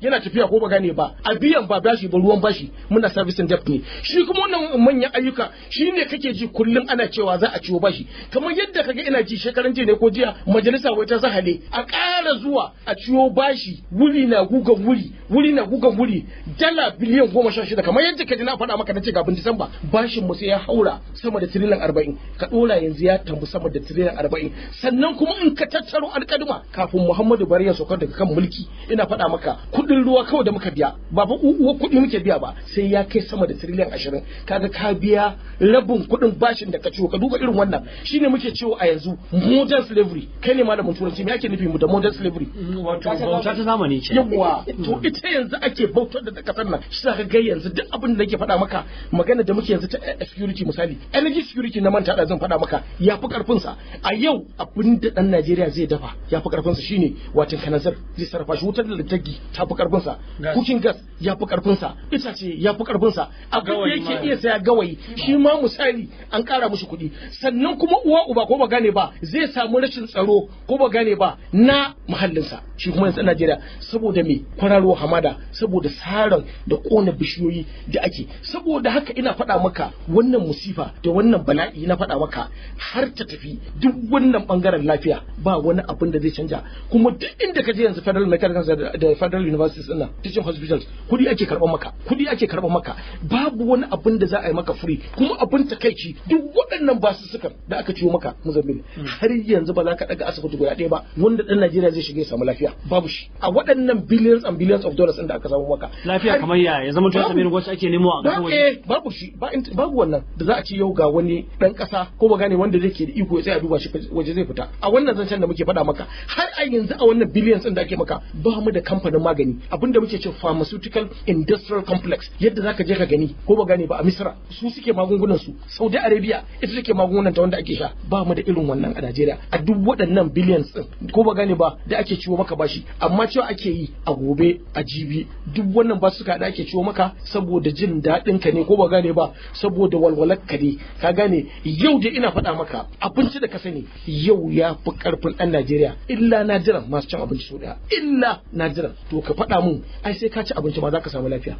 yana tafiya ko ba gane ba a biyan ba bashi ba ruwan bashi muna servicing debt ne shi kuma wannan manyan ayyuka shine kake ji kullum ana cewa za a ciwo bashi kamar yadda kaga ina ji shekaru shekaran jiya ne ko jiya majalisa wai ta zahale a ƙara zuwa a ciwo bashi wuri na gugan wuri wuri na gugan wuri dala biliyan goma sha shida kamar yadda ka na faɗa maka na ce gabin disamba bashin mu sai ya haura sama da tiriliyan arba'in ka ɗora yanzu ya tambu sama da tiriliyan arba'in sannan kuma in ka tattaro alƙaduma kafin muhammadu bari ya saukar daga kan mulki ina faɗa maka kuɗin ruwa kawai da muka biya ba fa uwa kuɗi muke biya ba sai ya kai sama da tiriliyan ashirin kaga ka biya rabin kuɗin bashin da ka ciwo ka duba irin wannan shine muke ciwo a yanzu mu modern slavery kai ne ma da mutunci me yake nufi da modern slavery mm, wato bauta ta zamani ce yawa to ita yanzu ake bautar da kasar nan shi ka ga yanzu duk abin da nake faɗa maka magana da muke yanzu ta security misali energy security na manta da zan faɗa maka yafi karfin sa a yau abin da dan Najeriya zai dafa yafi karfin sa shine wato kanazar zai sarrafa shi wutar lantarki ta fi karfin sa cooking gas ya fi karfin sa itace ya fi karfin sa abin da yake iya saya gawayi shi ma misali an kara mushi kuɗi sannan kuma uwa uba ko ba gane ba zai zai samu rashin tsaro ko ba gane ba na muhallinsa shi kuma yanzu Najeriya saboda me kwararo hamada saboda saran da kona bishiyoyi da ake saboda haka ina faɗa maka wannan musifa da wannan bala'i na faɗa maka har ta tafi duk wannan bangaren lafiya ba wani abin da zai canja kuma duk inda ka je yanzu Federal Medical da Federal University ɗin teaching hospitals kuɗi ake karɓar maka kuɗi ake karɓar maka babu wani abin da za a yi maka free kuma abin takaici duk waɗannan basussukan da aka ciwo maka Mozambique har yanzu ba za ka daga asibiti guda ɗaya ba wanda ɗan Najeriya zai shiga ya samu lafiya babu shi a waɗannan billions and billions of dollars ɗin da aka samu maka lafiya kamar ya ya zama tuwa samirin wasu ake nemo a ƙasar eh, babu shi babu wannan da za a ce yau ga wani ɗan ƙasa ko ba gane wanda zai ke da iko ya tsaya duba shi waje zai fita a wannan zancen da muke faɗa maka har a yanzu a wannan billions ɗin da ake maka ba mu da kamfanin magani abinda muke ce pharmaceutical industrial complex yadda za ka je ka gani ko ba gane ba a misira su suke magungunan su Saudi Arabia ita take magungunan ta wanda ake sha ba mu da irin wannan a Najeriya Najeriya a duk waɗannan billions din ko ba gane ba da ake ciwo maka bashi amma cewa ake yi a gobe a jibi duk wannan ba suka da ake ciwo maka saboda jin daɗin ka ne ko ba gane ba saboda walwalar ka ne ka gane yau da ina faɗa maka abinci da ka sani yau ya fi karfin ɗan Najeriya illa Najeriya masu cin abinci so ɗaya illa Najeriya to ka faɗa mun ai sai ka ci abinci ma za ka samu lafiya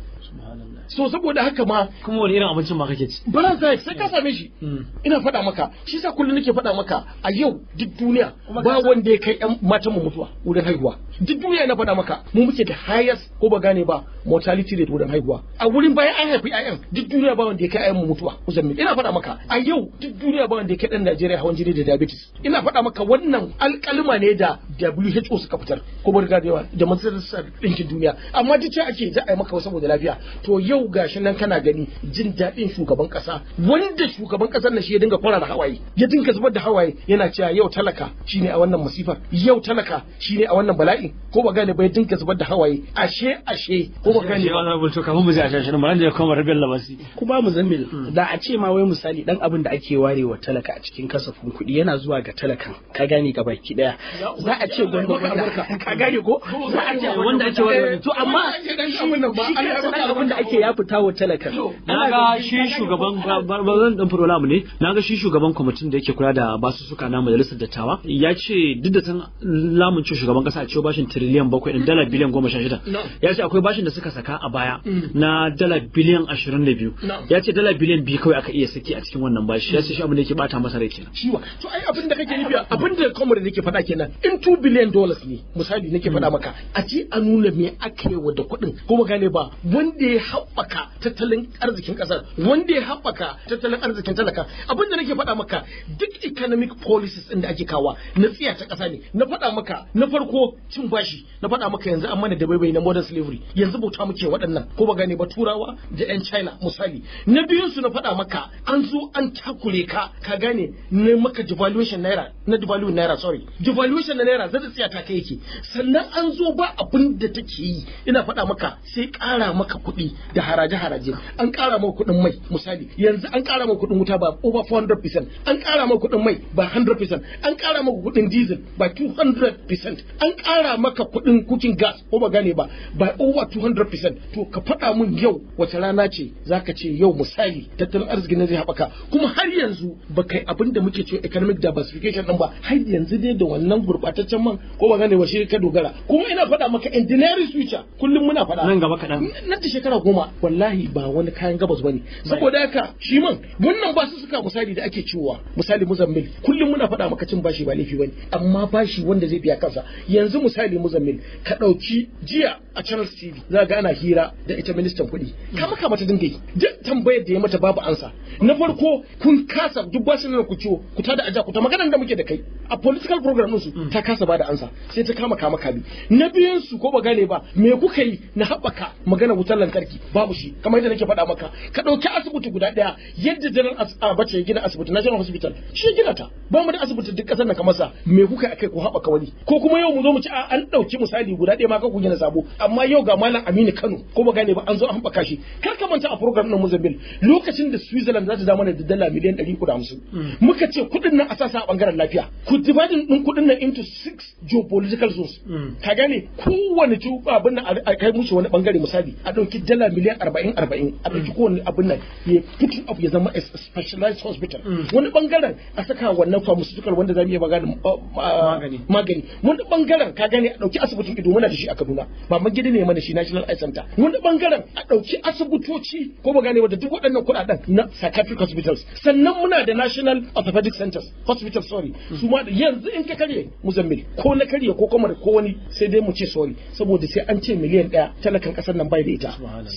so saboda haka ma kuma wani irin abincin ma kake ci bara sai sai ka same shi hmm. ina faɗa maka shi sa kullum nake faɗa maka a yau duk duniya ba wanda ya kai yan matan mu mutuwa wurin haihuwa duk duniya na faɗa maka mu muke da highest ko ba gane ba mortality rate wurin haihuwa a wurin bayan an haifi ayan duk duniya ba wanda ya kai ayan mu mutuwa kusan ina faɗa maka a yau duk duniya ba wanda ya kai dan Najeriya hawan jini da diabetes ina faɗa maka wannan alƙalma ne da WHO suka fitar ko ba da da majalisar ɗinkin duniya amma duk ake za a yi maka saboda lafiya to yau yau gashi nan kana gani jin daɗin shugaban ƙasa wanda shugaban ƙasar na shi ya dinga da hawaye ya dinga zubar da hawaye yana cewa yau talaka shine a wannan musifar yau talaka shine a wannan bala'i ko ba gane bai dinga zubar da hawaye ashe ashe ko ba gane ba to kafin mu ji ashe shirin bari da kuma rabin labasi mu zammil da a ce ma wai misali dan abin da ake warewa talaka a cikin kasafin kuɗi yana zuwa ga talakan ka gane ga baki daya za a ce gwamnati ka gane ko za a ce wanda ake warewa to amma shi abin da ake ya fita wa talaka na ga shi shugaban bazan dan program ne na ga shi shugaban kwamitin da yake kula da basussuka na majalisar dattawa ya ce duk da san lamuncin shugaban kasa a ciwo bashin tiriliyan bakwai din dala biliyan goma sha shida ya ce akwai bashin da suka saka a baya mm. na dala biliyan ashirin da biyu ya ce dala biliyan biyu kawai aka iya saki a cikin wannan bashi ya ce shi abin da yake bata masa rai kenan ciwa to ai abin da kake nufi abin da kamar nake faɗa kenan in 2 billion dollars ne misali nake faɗa mm. maka a ce a nuna me aka yi da kuɗin kuma gane ba wanda ya haɓaka tattalin arzikin ƙasar wanda ya haɓaka tattalin arzikin talaka abin da nake faɗa maka duk economic policies ɗin da ake kawa na tsiya ta ƙasa ne na faɗa maka na farko cin bashi na faɗa maka yanzu an mana da baibai na modern slavery yanzu bauta muke waɗannan ko ba gane ba turawa da yan china misali na biyun su na faɗa maka an zo an takure ka ka gane na maka devaluation naira na devaluation naira sorry devaluation naira zai tsiya ta kai yake sannan an zo ba abin da take yi ina faɗa maka sai ƙara maka kuɗi da haraje-haraje an ƙara maka kuɗin mai misali yanzu an ƙara ma kuɗin wuta ba over 400% an ƙara maka kuɗin mai ba 100% an ƙara maka kuɗin diesel ba 200% an ƙara maka kuɗin kukin gas ko ba gane ba ba over 200% to ka faɗa mun yau wace rana ce zaka ce yau misali tattalin arziki na zai haɓaka kuma har yanzu ba kai abin da muke cewa economic diversification ɗin ba har yanzu dai da wannan gurɓataccen man ko ba gane wa shi ka dogara kuma ina faɗa maka engineering switcher kullum muna fada. nan gaba kaɗan nan ta shekara goma wallahi ba wani kayan gabas bane saboda haka shi man wannan ba su suka misali da ake ciwa misali muzammil kullum muna faɗa maka cin bashi ba laifi bane amma bashi wanda zai biya kansa yanzu misali muzammil ka ɗauki jiya a channel tv za ga ana hira da ita ministan kuɗi ka maka mata dinga yi duk tambayar da ya mata babu ansa na farko kun kasa duk bashin nan ku ciwo ku tada aja ku ta maganar da muke da kai a political program su mm. ta kasa bada ansa sai ta kama kama kabi na biyan su ko ba gane ba me kuka yi na haɓaka magana wutar lantarki ba babu shi kamar yadda nake faɗa maka ka ɗauki asibiti guda ɗaya yadda janar a bace gina asibiti national hospital shi ya gina ta ba mu da asibiti duk ƙasar na kamasa me kuka akai ku haɓaka wani ko kuma yau mu zo mu ci an ɗauki misali guda ɗaya ma ka ku gina sabo amma yau ga malam Aminu Kano ko ba gane ba an zo an haɓaka shi kar ka manta a program na Mozambique lokacin da Switzerland za ta zama da dala miliyan ɗari da hamsin hmm. muka ce kuɗin nan a sasa a ɓangaren lafiya ku dividing ɗin kuɗin nan into six geopolitical zones hmm. ka gane kowane abin nan a kai musu wani ɓangare misali a ɗauki dala miliyan miliyan arba'in arba'in a ɗauki mm. kowane abin nan ya kitin up ya zama a specialized hospital mm. wani bangaren a saka wannan pharmaceutical wanda za mu iya uh, uh, magana magani wani bangaren ka gane a ɗauki asibitin ido muna da shi a Kaduna ma gidi ne mana shi National Eye Center wani bangaren a ɗauki asibitoci ko ba gane wanda duk waɗannan kuɗaɗen na psychiatric hospitals sannan muna da National Orthopedic Centers hospital sorry mm. su ma yanzu in ka karye Muzammil ko na karye ko kuma ko wani sai dai mu ce sorry saboda sai an ce miliyan ɗaya talakan ƙasar nan bai da ita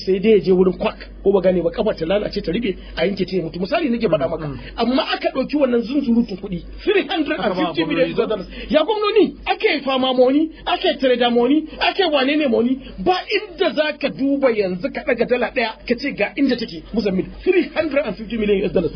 sai sai dai ya je wurin kwak ko ba gane ba kafa ta lalace ta rufe a yanke ta mutu misali nake faɗa maka mm. amma aka ɗauki wannan zunzurutun kuɗi 350 million dollars ya gwamnoni ake fama moni ake trader moni ake wane ne moni ba inda zaka duba yanzu ka daga dala ɗaya ka ce ga inda take muzammil 350 million dollars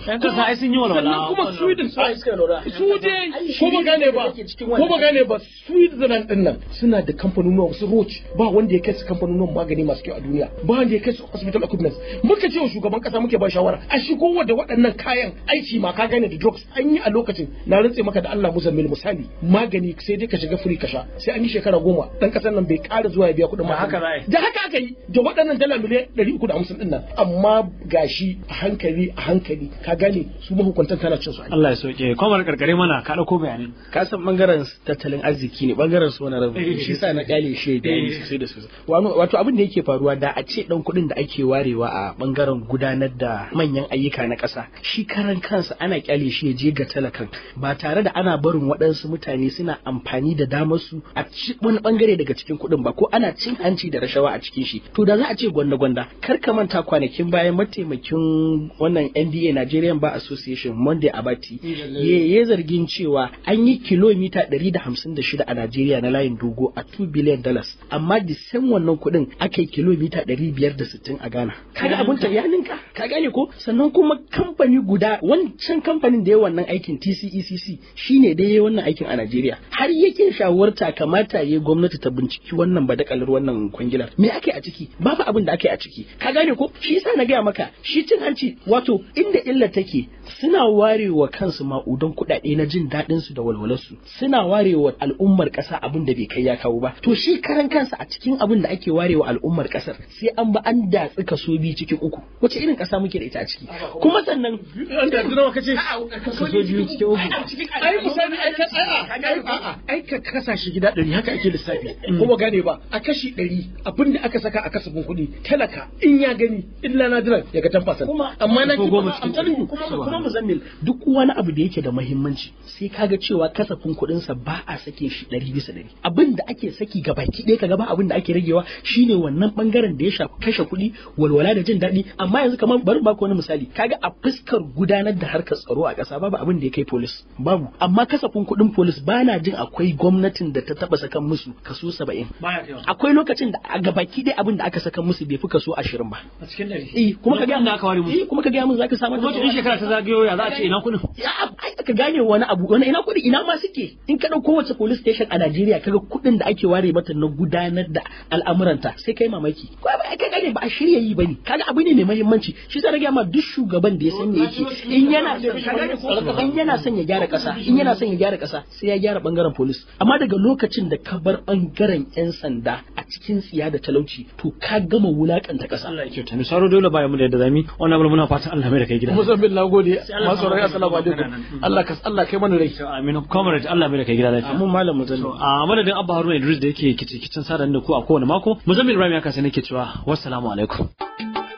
sun yi wala sannan kuma sweden sai lura su dai ko ba gane ba ko ba gane ba sweden din nan suna da kamfanin su roach ba wanda ya kai su kamfanin magani masu kyau a duniya ba wanda ya kai kai su hospital equipment muka ce wa shugaban kasa muke ba shawara a shigo da waɗannan kayan aiki ma ka gane da drugs an yi a lokacin na rantse maka da Allah muzammil misali magani sai dai ka shiga firi ka sai an yi shekara goma dan kasan nan bai ƙara zuwa ya biya kuɗin ma haka da haka aka yi da waɗannan dala miliyan ɗari uku da hamsin ɗin nan amma gashi a hankali a hankali ka gane su mahukuntan tana cin su Allah ya sauke kwamar karkare mana ka ɗauko bayanai ka san bangaren tattalin arziki ne bangaren su wani rabu eh. shi sa na ƙyale shi da sosai da sosai wato abin da yake faruwa da a ce dan kuɗin kuɗin da ake warewa a bangaren gudanar da manyan ayyuka na kasa shi karan kansa ana kyale shi ya je ga talakan ba tare da ana barin waɗansu mutane suna amfani da damar su a wani bangare daga cikin kuɗin ba ko ana cin hanci da rashawa a cikin shi to da za a ce gwanda gwanda kar ka manta kwanakin bayan mataimakin wannan NDA Nigerian Bar Association Monday Abati ya zargin cewa an yi kilomita 156 a Najeriya na layin dogo a 2 billion dollars amma da san wannan kuɗin aka yi kilomita 500 sittin a Ghana kaga abin ta ya ninka ka gane ko sannan kuma kamfani guda wancan kamfanin da ya wannan aikin TCECC shine da ya wannan aikin a Najeriya har yake shawarta kamata ya gwamnati ta binciki wannan ba badakalar wannan kwangilar me ake a ciki babu abin da ake a ciki ka gane ko shi yasa na gaya maka shi cin hanci wato inda illa take suna warewa kansu ma'udan kuɗaɗe na jin daɗin su da walwalarsu suna warewa al'ummar ƙasa abin da bai kai ya kawo ba to shi karan kansa a cikin abin da ake warewa al'ummar ƙasar sai an ba an an suka so biyu cikin uku wace irin ƙasa muke da ita ciki kuma sannan an da duna datsi ce ka so biyu cikin uku ai ku sani ai ka tsaya ai ka kasa shi gida ɗari haka ake lissafi mm. kuma gane ba a kashi ɗari abinda aka saka a kasafin kuɗi talaka in ya gani illa dira ya ga tan fasan amma na ki kuma kuma muzammil duk wani abu da yake da muhimmanci sai kaga cewa kasafin sa ba a sake shi ɗari bisa ɗari abin da ake saki gabaki ɗaya kaga ba abin da ake ragewa shine wannan bangaren da ya shafi kashe kuɗi walwala da jin daɗi amma yanzu kamar bari ba ku wani misali kaga a fuskar gudanar da harkar tsaro a ƙasa babu abin da ya kai polis babu amma kasafin kuɗin polis ba na jin akwai gwamnatin da ta taɓa sakan musu kaso saba'in akwai lokacin da a gabaki dai abin da aka sakan musu bai fi kaso ashirin ba a cikin ɗari eh, kuma ka gaya musu eh, kuma ka gaya musu zaka samu kuma in shekara ta zagayo ya za a ce ina kuɗin ka gane wani abu wani ina kuɗi ina ma suke in ka ɗauko wace police station a Najeriya kaga kuɗin da ake ware mata na gudanar da al'amuranta sai kai mamaki ko ba ka gane ba a shirya yi bane kaga abu ne mai muhimmanci shi zai rage ma duk shugaban da ya san me yake in yana in yana son ya gyara kasa in yana son ya gyara kasa sai ya gyara bangaren police amma daga lokacin da ka bar bangaren yan sanda a cikin tsiya da talauci to ka gama wulakanta kasa Allah ya kyauta misaro dole ba mu da yadda zami wannan abu muna fatan Allah mai da kai gida musamman na gode masu rai assalamu alaikum Allah ka Allah kai mana rai amin comrade Allah mai da kai gida lafiya mun malam mutane a madadin Abba Haruna Idris da yake kicin sadan da ku a kowane mako muzammin Ibrahim ya kasa nake cewa wassalamu alaikum